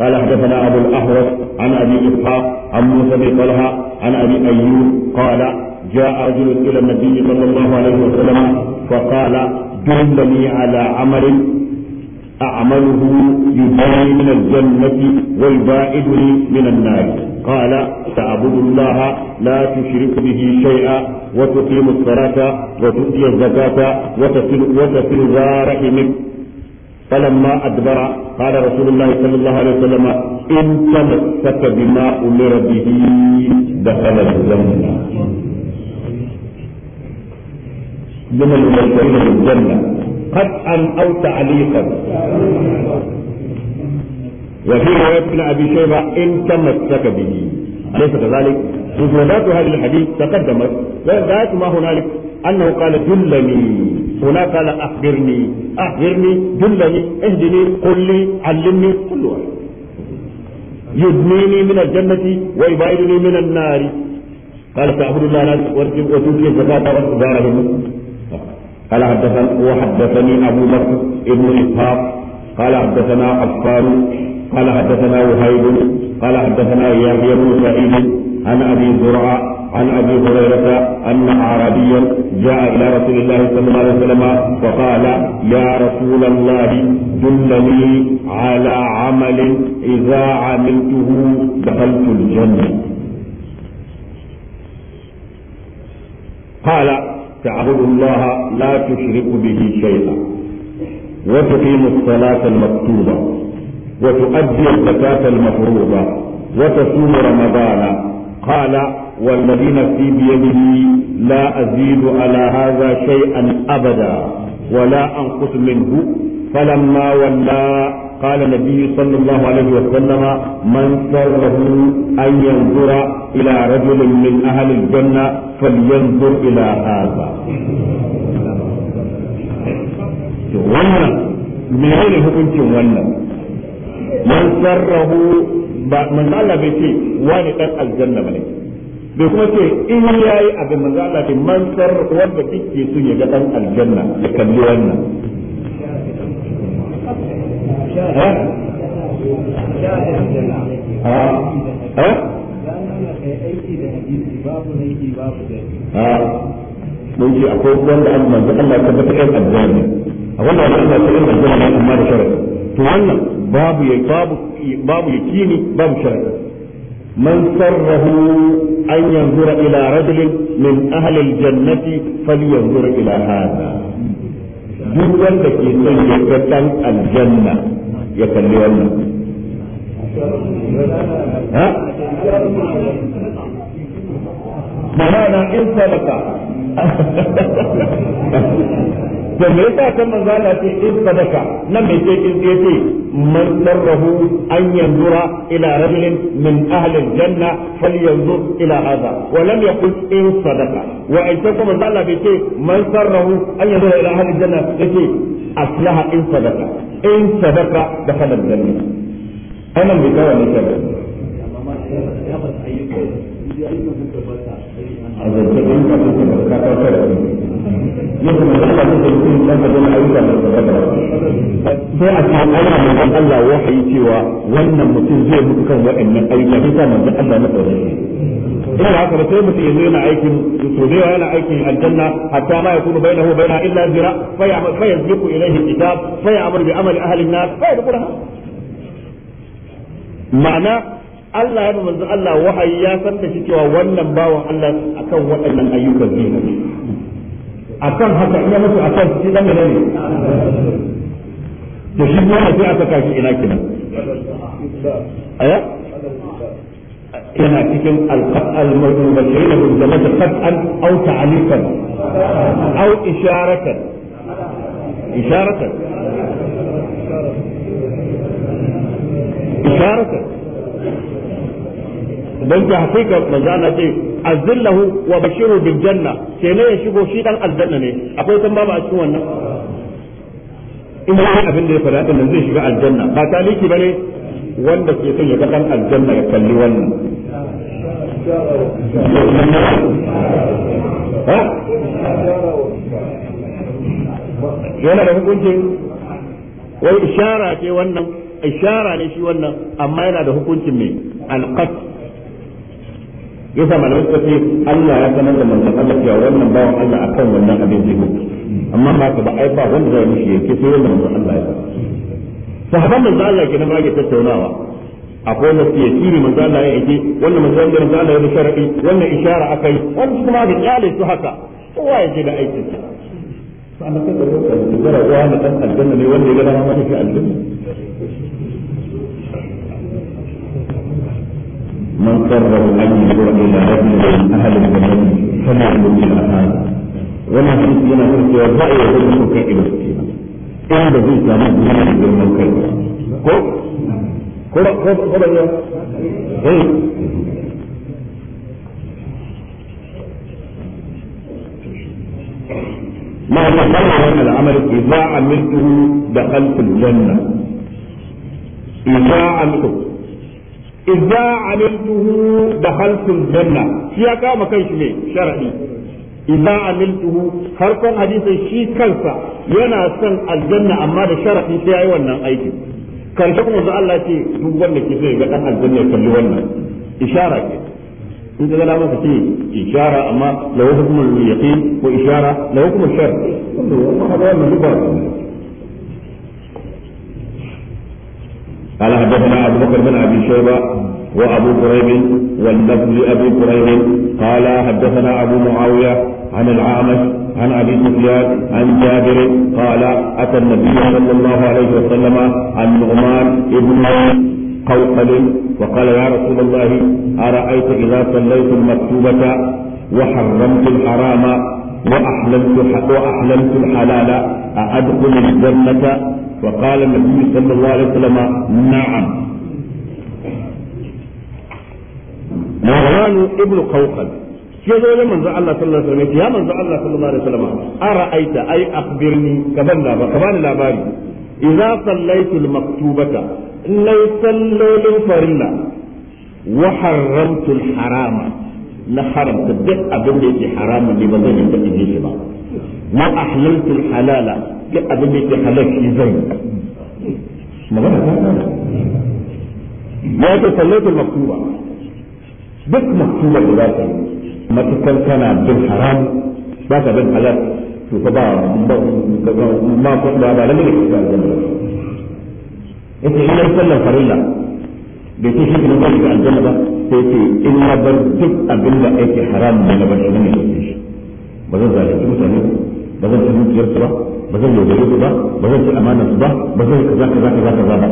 قال حدثنا أبو الأحوص عن أبي إسحاق عن موسى بن طلحة عن أبي أيوب قال جاء رجل إلى النبي صلى الله عليه وسلم فقال دلني على عمل أعمله يباني من الجنة ويباعدني من النار قال تعبد الله لا تشرك به شيئا وتقيم الصلاة وتؤتي الزكاة وتصل وتصل ذا رحمك فلما أدبر قال رسول الله صلى الله عليه وسلم إن تمسك بما أمر به دخل الجنة من المدخلين في الجنة قطعا أو تعليقا وفي رواية ابن أبي شيبة إن تمسك به أليس كذلك؟ مفردات هذا الحديث تقدمت ذات ما هنالك أنه قال دلني هنا قال أخبرني أخبرني دلني اهدني قل لي علمني كل واحد يدنيني من الجنة ويبعدني من النار قال تعبد الله وتؤتي الزكاة وتدار قال حدثني وحدثني أبو بكر ابن إسحاق قال حدثنا عفان قال حدثنا وهيب قال حدثنا يحيى بن سعيد عن ابي زرعه عن ابي هريره ان اعرابيا جاء الى رسول الله صلى الله عليه وسلم فقال يا رسول الله دلني على عمل اذا عملته دخلت الجنه قال تعبد الله لا تشرك به شيئا وتقيم الصلاه المكتوبه وتؤدي الزكاه المفروضه وتصوم رمضان قال والذي نفسي بيده لا أزيد على هذا شيئا أبدا ولا أنقص منه فلما ولى قال النبي صلى الله عليه وسلم من سره أن ينظر إلى رجل من أهل الجنة فلينظر إلى هذا wannan menene hukuncin wannan man sarrahu ba manzo Allah bai ce wani dan aljanna bane bai kuma ce in yayi abin manzo Allah ce man sar wanda dike sun ya ga dan aljanna ya kalli wannan mun ce akwai wanda an manzo Allah ya tabbata kan aljanna a wannan Allah ya tabbata kan aljanna amma da sharadi to wannan babu ya babu babu yakini babu sharadi man sarrahu an yanzura ila rajulin min ahli aljannati falyanzur ila hada duk wanda ke son ya ga dan aljanna ya kalli wannan ha ma'ana in sabaka to me yasa kan manzo Allah ce in sadaka nan me ce in yace man sarrahu an yanzura ila rajulin min ahli janna falyanzur ila hadha wa lam yaqul in sadaka wa in ta kuma Allah bai ce man sarrahu an yanzura ila ahli janna yace aslaha in sadaka in sadaka da halal janna anan bi ne a ka suke da yadda mai Allah ya ce mutum dan ka zama ayyuka da kaza da sai a cikin Allah mai dan Allah wahayi cewa wannan mutum zai mutu kan waɗannan ayyuka sai sa manzon Allah na tsare shi ina haka ba sai mutum yanzu yana aikin to da yana aikin aljanna hatta ma yakunu bainahu baina illa zira fa ya fa yazbiqu ilayhi kitab fa ya amru bi amali ahli an-nar fa yadkhulaha ma'ana Allah ya manzo Allah wahayi ya san da shi cewa wannan bawan Allah akan waɗannan ayyukan zai akan haka iya mutu akan shi dan ne to shi ne sai aka kashi ina kina aya yana cikin al-mubashirin bil jannati qat'an aw ta'liqan aw isharatan isharatan isharatan dan ta hakika manzo Allah ce azillahu wa bashiru bil janna ne ya shigo shi dan aljanna ne akwai san babu a cikin wannan in wani abin da ya faɗa din zai shiga aljanna ba taliki bane wanda ke son ya ga dan aljanna ya kalli wannan yana da hukuncin wai ishara ce wannan ishara ne shi wannan amma yana da hukuncin mai alqat ya sa malamai suka ce Allah ya sanar da manzon Allah cewa wannan bawan Allah akan wannan abin zai mutu amma ba ka ba ai ba wanda zai mishi yake sai wanda manzon Allah ya sanar sahabban manzon Allah kenan ba ke tattaunawa akwai wanda suke shiri manzon Allah ya yake wannan manzon Allah manzon Allah ya sharadi wannan ishara akai wanda kuma ga kyale su haka kowa ya je da aikin sa sannan sai da wannan da rawa na dan aljanna ne wanda ya ga dama mashi aljanna ينظر إلى رجل أهل الجنة فلا ينظر إلى هذا ولا شيء yana nuna cewa za a yi wajen mutum kai ido ke nan inda zai samu duniya ما تطلع من العمل إذا عملته دخلت الجنة إذا عملته duhu da dakhaltul janna shi ya kama kanshi ne shar'i idza amiltuhu farkon hadisin shi kansa yana son aljanna amma da shar'i sai yayi wannan aiki karshe kuma za Allah ce duk wanda ke zai ga aljanna kalli wannan ishara ke in ga dama ka ce ishara amma la hukumul yaqin ko ishara la ba قال حدثنا ابو بكر بن ابي شيبه وابو كريم واللفظ لابي كريم قال حدثنا ابو معاويه عن العامش عن ابي سفيان عن جابر قال اتى النبي صلى الله عليه وسلم عن نعمان ابن قوقل وقال يا رسول الله ارايت اذا صليت المكتوبه وحرمت الحرام واحللت واحللت الحلال أأدخل الجنة فقال النبي صلى الله عليه وسلم نعم مروان ابن قوقل ya zo ya manzo Allah sallallahu alaihi wasallam Allah sallallahu alaihi wasallam ara'aita ay akhbirni kaban laba kaban labari idza sallaitu maktubata lay sallolin farilla wa harama na haramta duk yake haramun ne ba zan yi ba ma ahlaltu halala duk abin da yake halal shi zai magana ta tsara ma yake sallatu maktuba duk maktuba da za ka yi matukar kana bin haram za ka bin halal to ka ba ma ko da ba lalle ka ga yace ina sallan farilla bai ce shi ne ba ga aljanna ba sai ce in na bar duk abin da ake haram da na bar shi ne ba zan zalunci mutane ba ba zan ci dukiyar ba ba zan yaudare su ba ba zan ci amanar su ba ba zan kaza kaza kaza kaza ba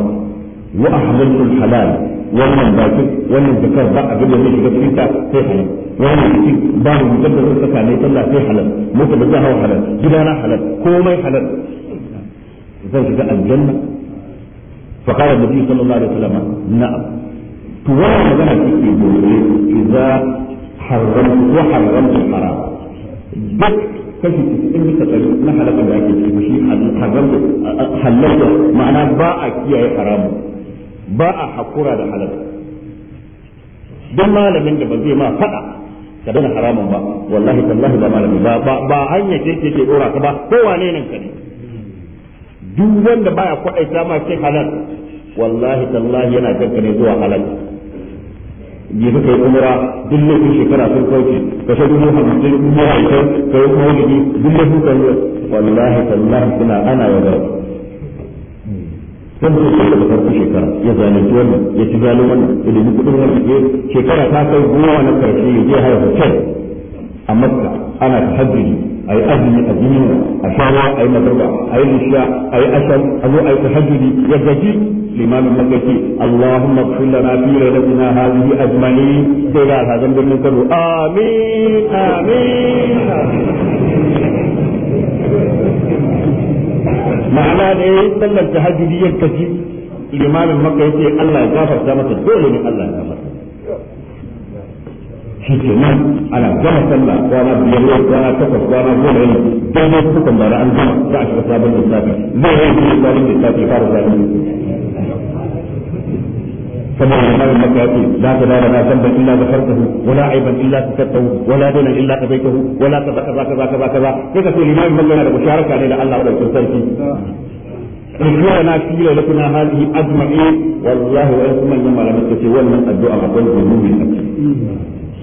wa ahlaltu halal wannan bakin wannan zakar ba abin da zai shiga cikin ta sai halal wannan cikin ba mu da zan saka ne sallah sai halal mota da zan hawa halal gidana halal komai halal zan shiga aljanna فقال النبي صلى الله عليه وسلم نعم توانا لنا في إذا حرمت وحرمت الحرام بك kashi cikin bisa ɗari na halakar da ake ciki shi halalta ma'ana ba a kiyaye haramu ba a hakura da halal don malamin da ba zai ma faɗa ka dana haramun ba wallahi tallahi ba malami ba ba hanya ce ke ke dora ka ba ko ne nan ka ne duk wanda baya ta ma ce halal wallahi tallahi yana kanka ne zuwa halal gobe kai umra duk laifin shekara sun kauce ka shaɗu mu hamsin mawaitan ka yi kuma wani bi duk laifin kan wallahi tallahi suna ana ya ga dan mutum da farko shekara ya zane zalunci wannan ya ci zalun wannan ya dubi kudin wannan ke shekara ta kai goma na karshe ya je haya hotel a makka ana tahajjudi a yi azumi a duniya a shawa a yi magarba a yi nisha a yi asal a zo a yi tahajjudi ya gaji limamin makaki Allahumma ighfir lana fi lailatina hadhihi ajma'in sai ga hazan birnin Kano amin amin ma'ana da yayi sallar tahajjudi ya gaji limamin makka yace Allah ya gafarta masa dole ne Allah ya gafarta shi ke nan ana gama sallah kwana biyar yau kwana takwas kwana goma yau daidai sukan bara an gama za a shiga sabon lissafi zai yi sabon lissafi fara saboda maka na san illa da farkahu wala aiban illa tatattahu wala dana illa qabaitahu wala kaza kaza sai ka ce maka yana da musharaka ne da Allah da sarki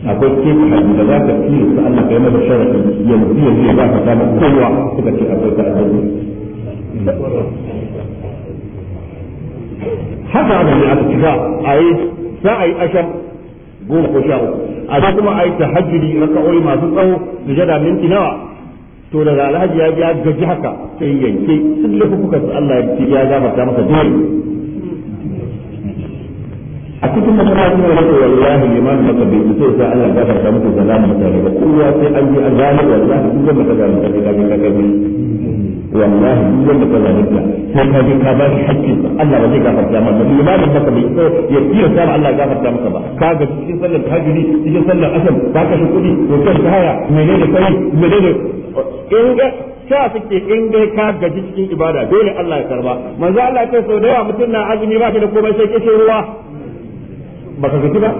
akwai kefi hajji da za ka fiye su Allah kai masa sharafin yanzu yanzu ya za ka samu kowa suka ce akwai ajiyar haka abu ne aka cika a yi za a yi asham goma ko sha uku a za kuma a yi ta tahajjudi raka'o'i masu tsawo da jada minti nawa to daga alhaji ya gaji haka sai yanke sun lafi kuka Allah ya gafarta masa dole a cikin masallaci da yake wallahi liman maka bai ce sai Allah ya farka muku zalama mutane ba kowa sai an yi azali wallahi duk wanda ka zalunta sai kake ga ka wallahi duk wanda ka da sai ka ga ka ba shi hakki Allah ba zai da maka liman maka bai sai ya kira sai Allah ya gafarta maka ba ka ga cikin sallar tahajjudi cikin sallar asar ba ka shi kudi to kai ta haya menene kai menene in ga sha suke in dai ka gaji cikin ibada dole Allah ya karba manzo Allah ya ce sau da yawa mutum na azumi ba shi da komai sai kishin ruwa ba ka gaji ba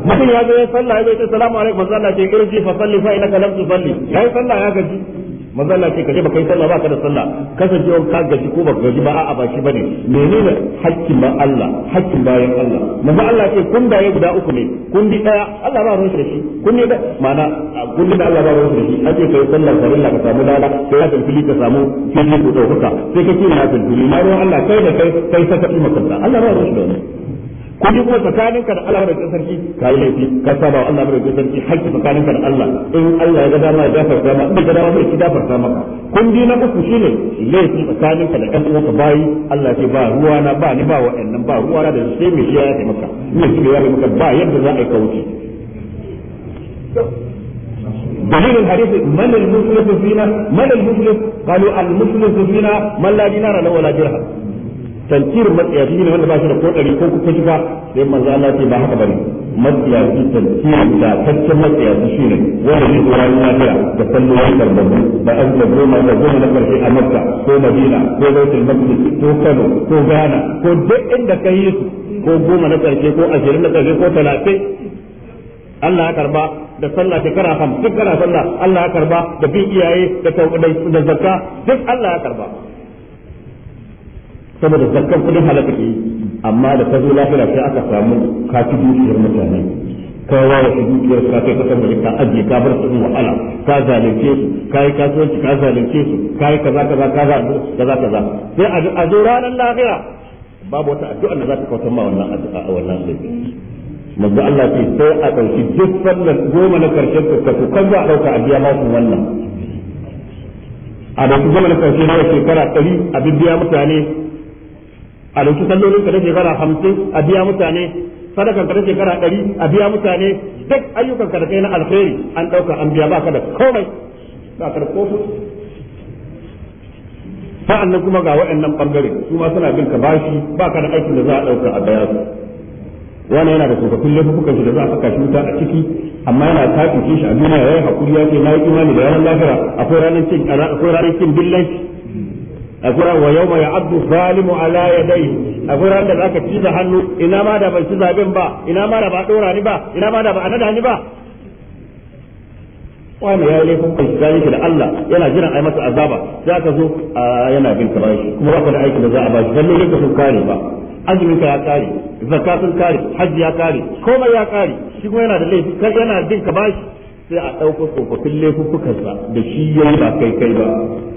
mutum ya zo ya sallah ya zo ya salamu alaikum manzo Allah ce irji fa salli fa innaka lam tusalli yayi sallah ya gaji manzo Allah ce kaje baka yi sallah ba ka da sallah kasance ka gaji ko baka gaji ba a'a ba shi bane menene hakkin ba Allah hakkin bayan Allah manzo Allah ce kun da guda uku ne kun di daya Allah ba ruwa shi kun ne da mana kun da Allah ba ruwa shi ake kai sallar Allah ka samu lala sai ka tafi ka samu fili ko dauka sai ka ce na tafi na ruwan Allah kai da kai kai saka maka Allah ba ruwa shi kuɗi kuma tsakaninka da Allah madaukakin sarki ka yi laifi ka saba wa Allah madaukakin sarki hakki ka da Allah in Allah ya ga dama ya gafarta ma in ga dama ya ki gafarta kundi na uku shine laifi tsakaninka da ɗan uwanka bayi Allah ce ba ruwa na ba ni ba wa'annan ba ruwa na da sai mai ya yi maka ne shi ya yi maka ba yadda za a yi kauce دليل الحديث من المسلم فينا من المسلم قالوا المسلم فينا من لا دينار له ولا درهم tantirin matsiyaci ne wanda ba shi da ko ɗari ko kuka shi ba sai manzo Allah ce ba haka bane matsiyaci tantir da tantance matsiyaci shi ne wanda zai zo ranar lafiya da sallolin karban ba an da goma da goma na karshe a Makka ko Madina ko Baitul Maqdis ko Kano ko Ghana ko duk inda ka yi su ko goma na karshe ko ashirin na karshe ko talatin Allah ya karba da sallah shekara hamsin kana sallah Allah ya karba da bin iyaye da zakka duk Allah ya karba saboda zakkan kudin halaka ke amma da ta zo lafiya sai aka samu kafi dukiyar mutane kowa ya fi dukiyar ka kai kasan waje ka ajiye ka bar su wahala ka zalunce su ka yi kasuwanci ka zalunce su ka yi kaza kaza kaza kaza kaza sai a zo ranar lafiya babu wata addu'a da za ta kawo ma wannan addu'a a wannan laifi manzo Allah ce sai a ɗauki duk sallar goma na karshen ka ku kan za a ɗauka a biya masu wannan a da goma na karshe na shekara ɗari a bibiya mutane a dauki sallolin ka na shekara hamsin a biya mutane sadakan ka na shekara ɗari a biya mutane duk ayyukan ka da kai na alkhairi an ɗauka an biya baka da komai ba ka da komai sa'annan kuma ga waɗannan ɓangare su ma suna bin ka bashi ba ka da aikin da za a ɗauka a bayar wani yana da tsofaffin laifukan shi da za a saka shi wuta a ciki amma yana tafi shi a duniya yi hakuri ya ce na yi imani da yawan lafiya akwai ranar kin akwai ranar cin billahi akwai wa yawma ya'addu salimu ala dai akwai ran da zaka ci da hannu ina ma da ban ci zaben ba ina ma da ba dora ni ba ina ma da ba anada ni ba wani ya yi laifin kai tsakanin shi da Allah yana jiran ai masa azaba za ka zo yana bin ka bashi kuma ba ka da aiki da za a bashi dan ne ka sun kare ba azumin ka ya kare zakatun kare hajji ya kare komai ya kare shi kuma yana da laifi kai yana bin ka bashi sai a ɗauka tsofaffin laifukansa da shi ya yi ba kai kai ba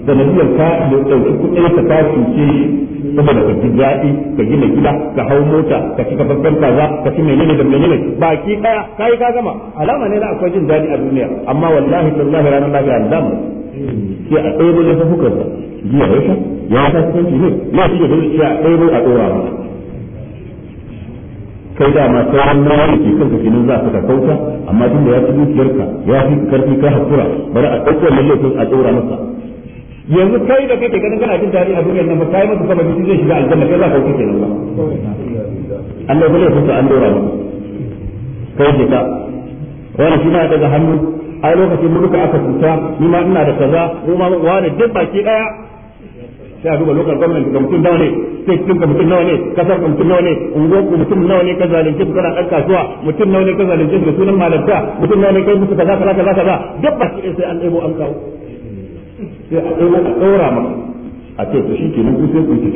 da nabiyar ka da ɗauki kuɗi ka ta cuce saboda ka ji daɗi ka gina gida ka hau mota ka ci ka babban kaza ka ci menene da menene baki ɗaya ka yi ka gama alama ne na akwai jin daɗi a duniya amma wallahi tallahi ranar lafiya Allah sai a ɗauko laifukansa jiya ya sha ya ta cikin ne ya ci da dole sai a ɗauko a ɗora masa kai da ma sauran nauyi ke kanka kenan za ka kauta amma tunda ya fi dukiyarka ya fi karfi ka hakura bari a ɗauko lallafin a ɗora masa yanzu kai da kake ganin kana jin daɗi a duniyar nan ba kai masa sababi shi zai shiga aljanna kai za ka wuce kenan ba Allah bai fusa an dora ba kai ji ka wani shi na daga hannu a lokacin mulka aka tuta ni ma ina da kaza ko ma wani duk baki daya sai a duba local government ga mutum nawa ne sai cikin ga mutum nawa ne kasar ga mutum nawa ne ungo mutum nawa ne ka zalunce su kana dan kasuwa mutum nawa ne ka zalunce su da sunan malaka mutum nawa ne kai musu kaza kaza kaza kaza duk ba sai an ɗebo an kawo sai a ɗebo a ɗora maka a ce to shi kenan ku sai ku ci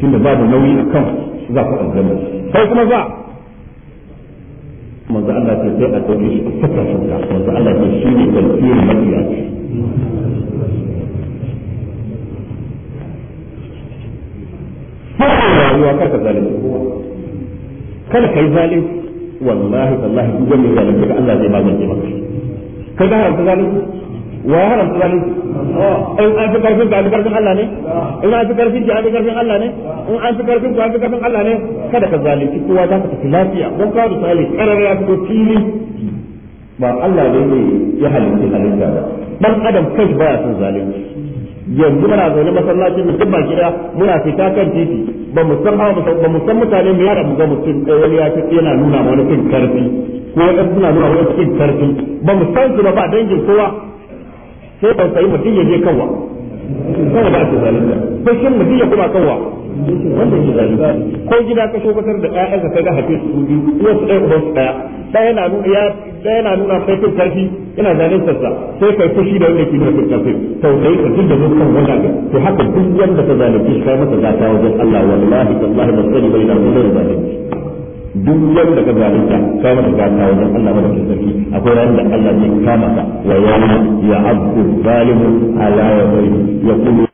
tunda babu nauyi a kan za ku aljanna sai kuma za manzo Allah ce sai a dauke shi a saka shi manzo Allah ce shi ne walfiyar mafiya kowane rayuwa kar zalunci kada kai zalunci wallahi wallahi duk wanda ya zalunci ka Allah zai magance maka kai ka haramta zalunci wa ya haramta zalunci karfin ka an fi karfin Allah ne in an karfin ki an fi karfin Allah ne in ne kada ka zalunci kowa za ka tafi lafiya don da ya fito fili ba Allah ne ya halitta halitta ba dan adam kai baya son zalunci yanzu muna zaune masallacin mutum ba gida muna fita kan titi ba mu san hawa ba mu san mutane mu yara mu ga mutum wani ya tafi yana nuna ma wani cin karfi ko wani suna nuna wani cikin karfi ba mu san su ba ba dangin kowa sai ban sai mutum ya je kanwa sai ba su zalunta sai shin mutum ya kuma kanwa wanda ke zalunci ko gida ka shugabatar da ƴaƴan ka kaga hafi su biyu uwar su ɗaya uban su ɗaya ɗaya na nuna ya ɗaya na nuna kai karfi yana zaluntar sassa sai kai fushi da wanda ke nuna fin karfi tausayi ka duk da mun kan wanda ga to haka duk wanda ka zalunci shi kai masa zata wajen Allah wallahi wallahi ba sani bai da mun zalunci duk wanda ka zalunta kai masa gata wajen Allah madaukakin sarki akwai ranar da Allah zai kama ka wa yana ya abdu zalimu ala ya bai ya kullu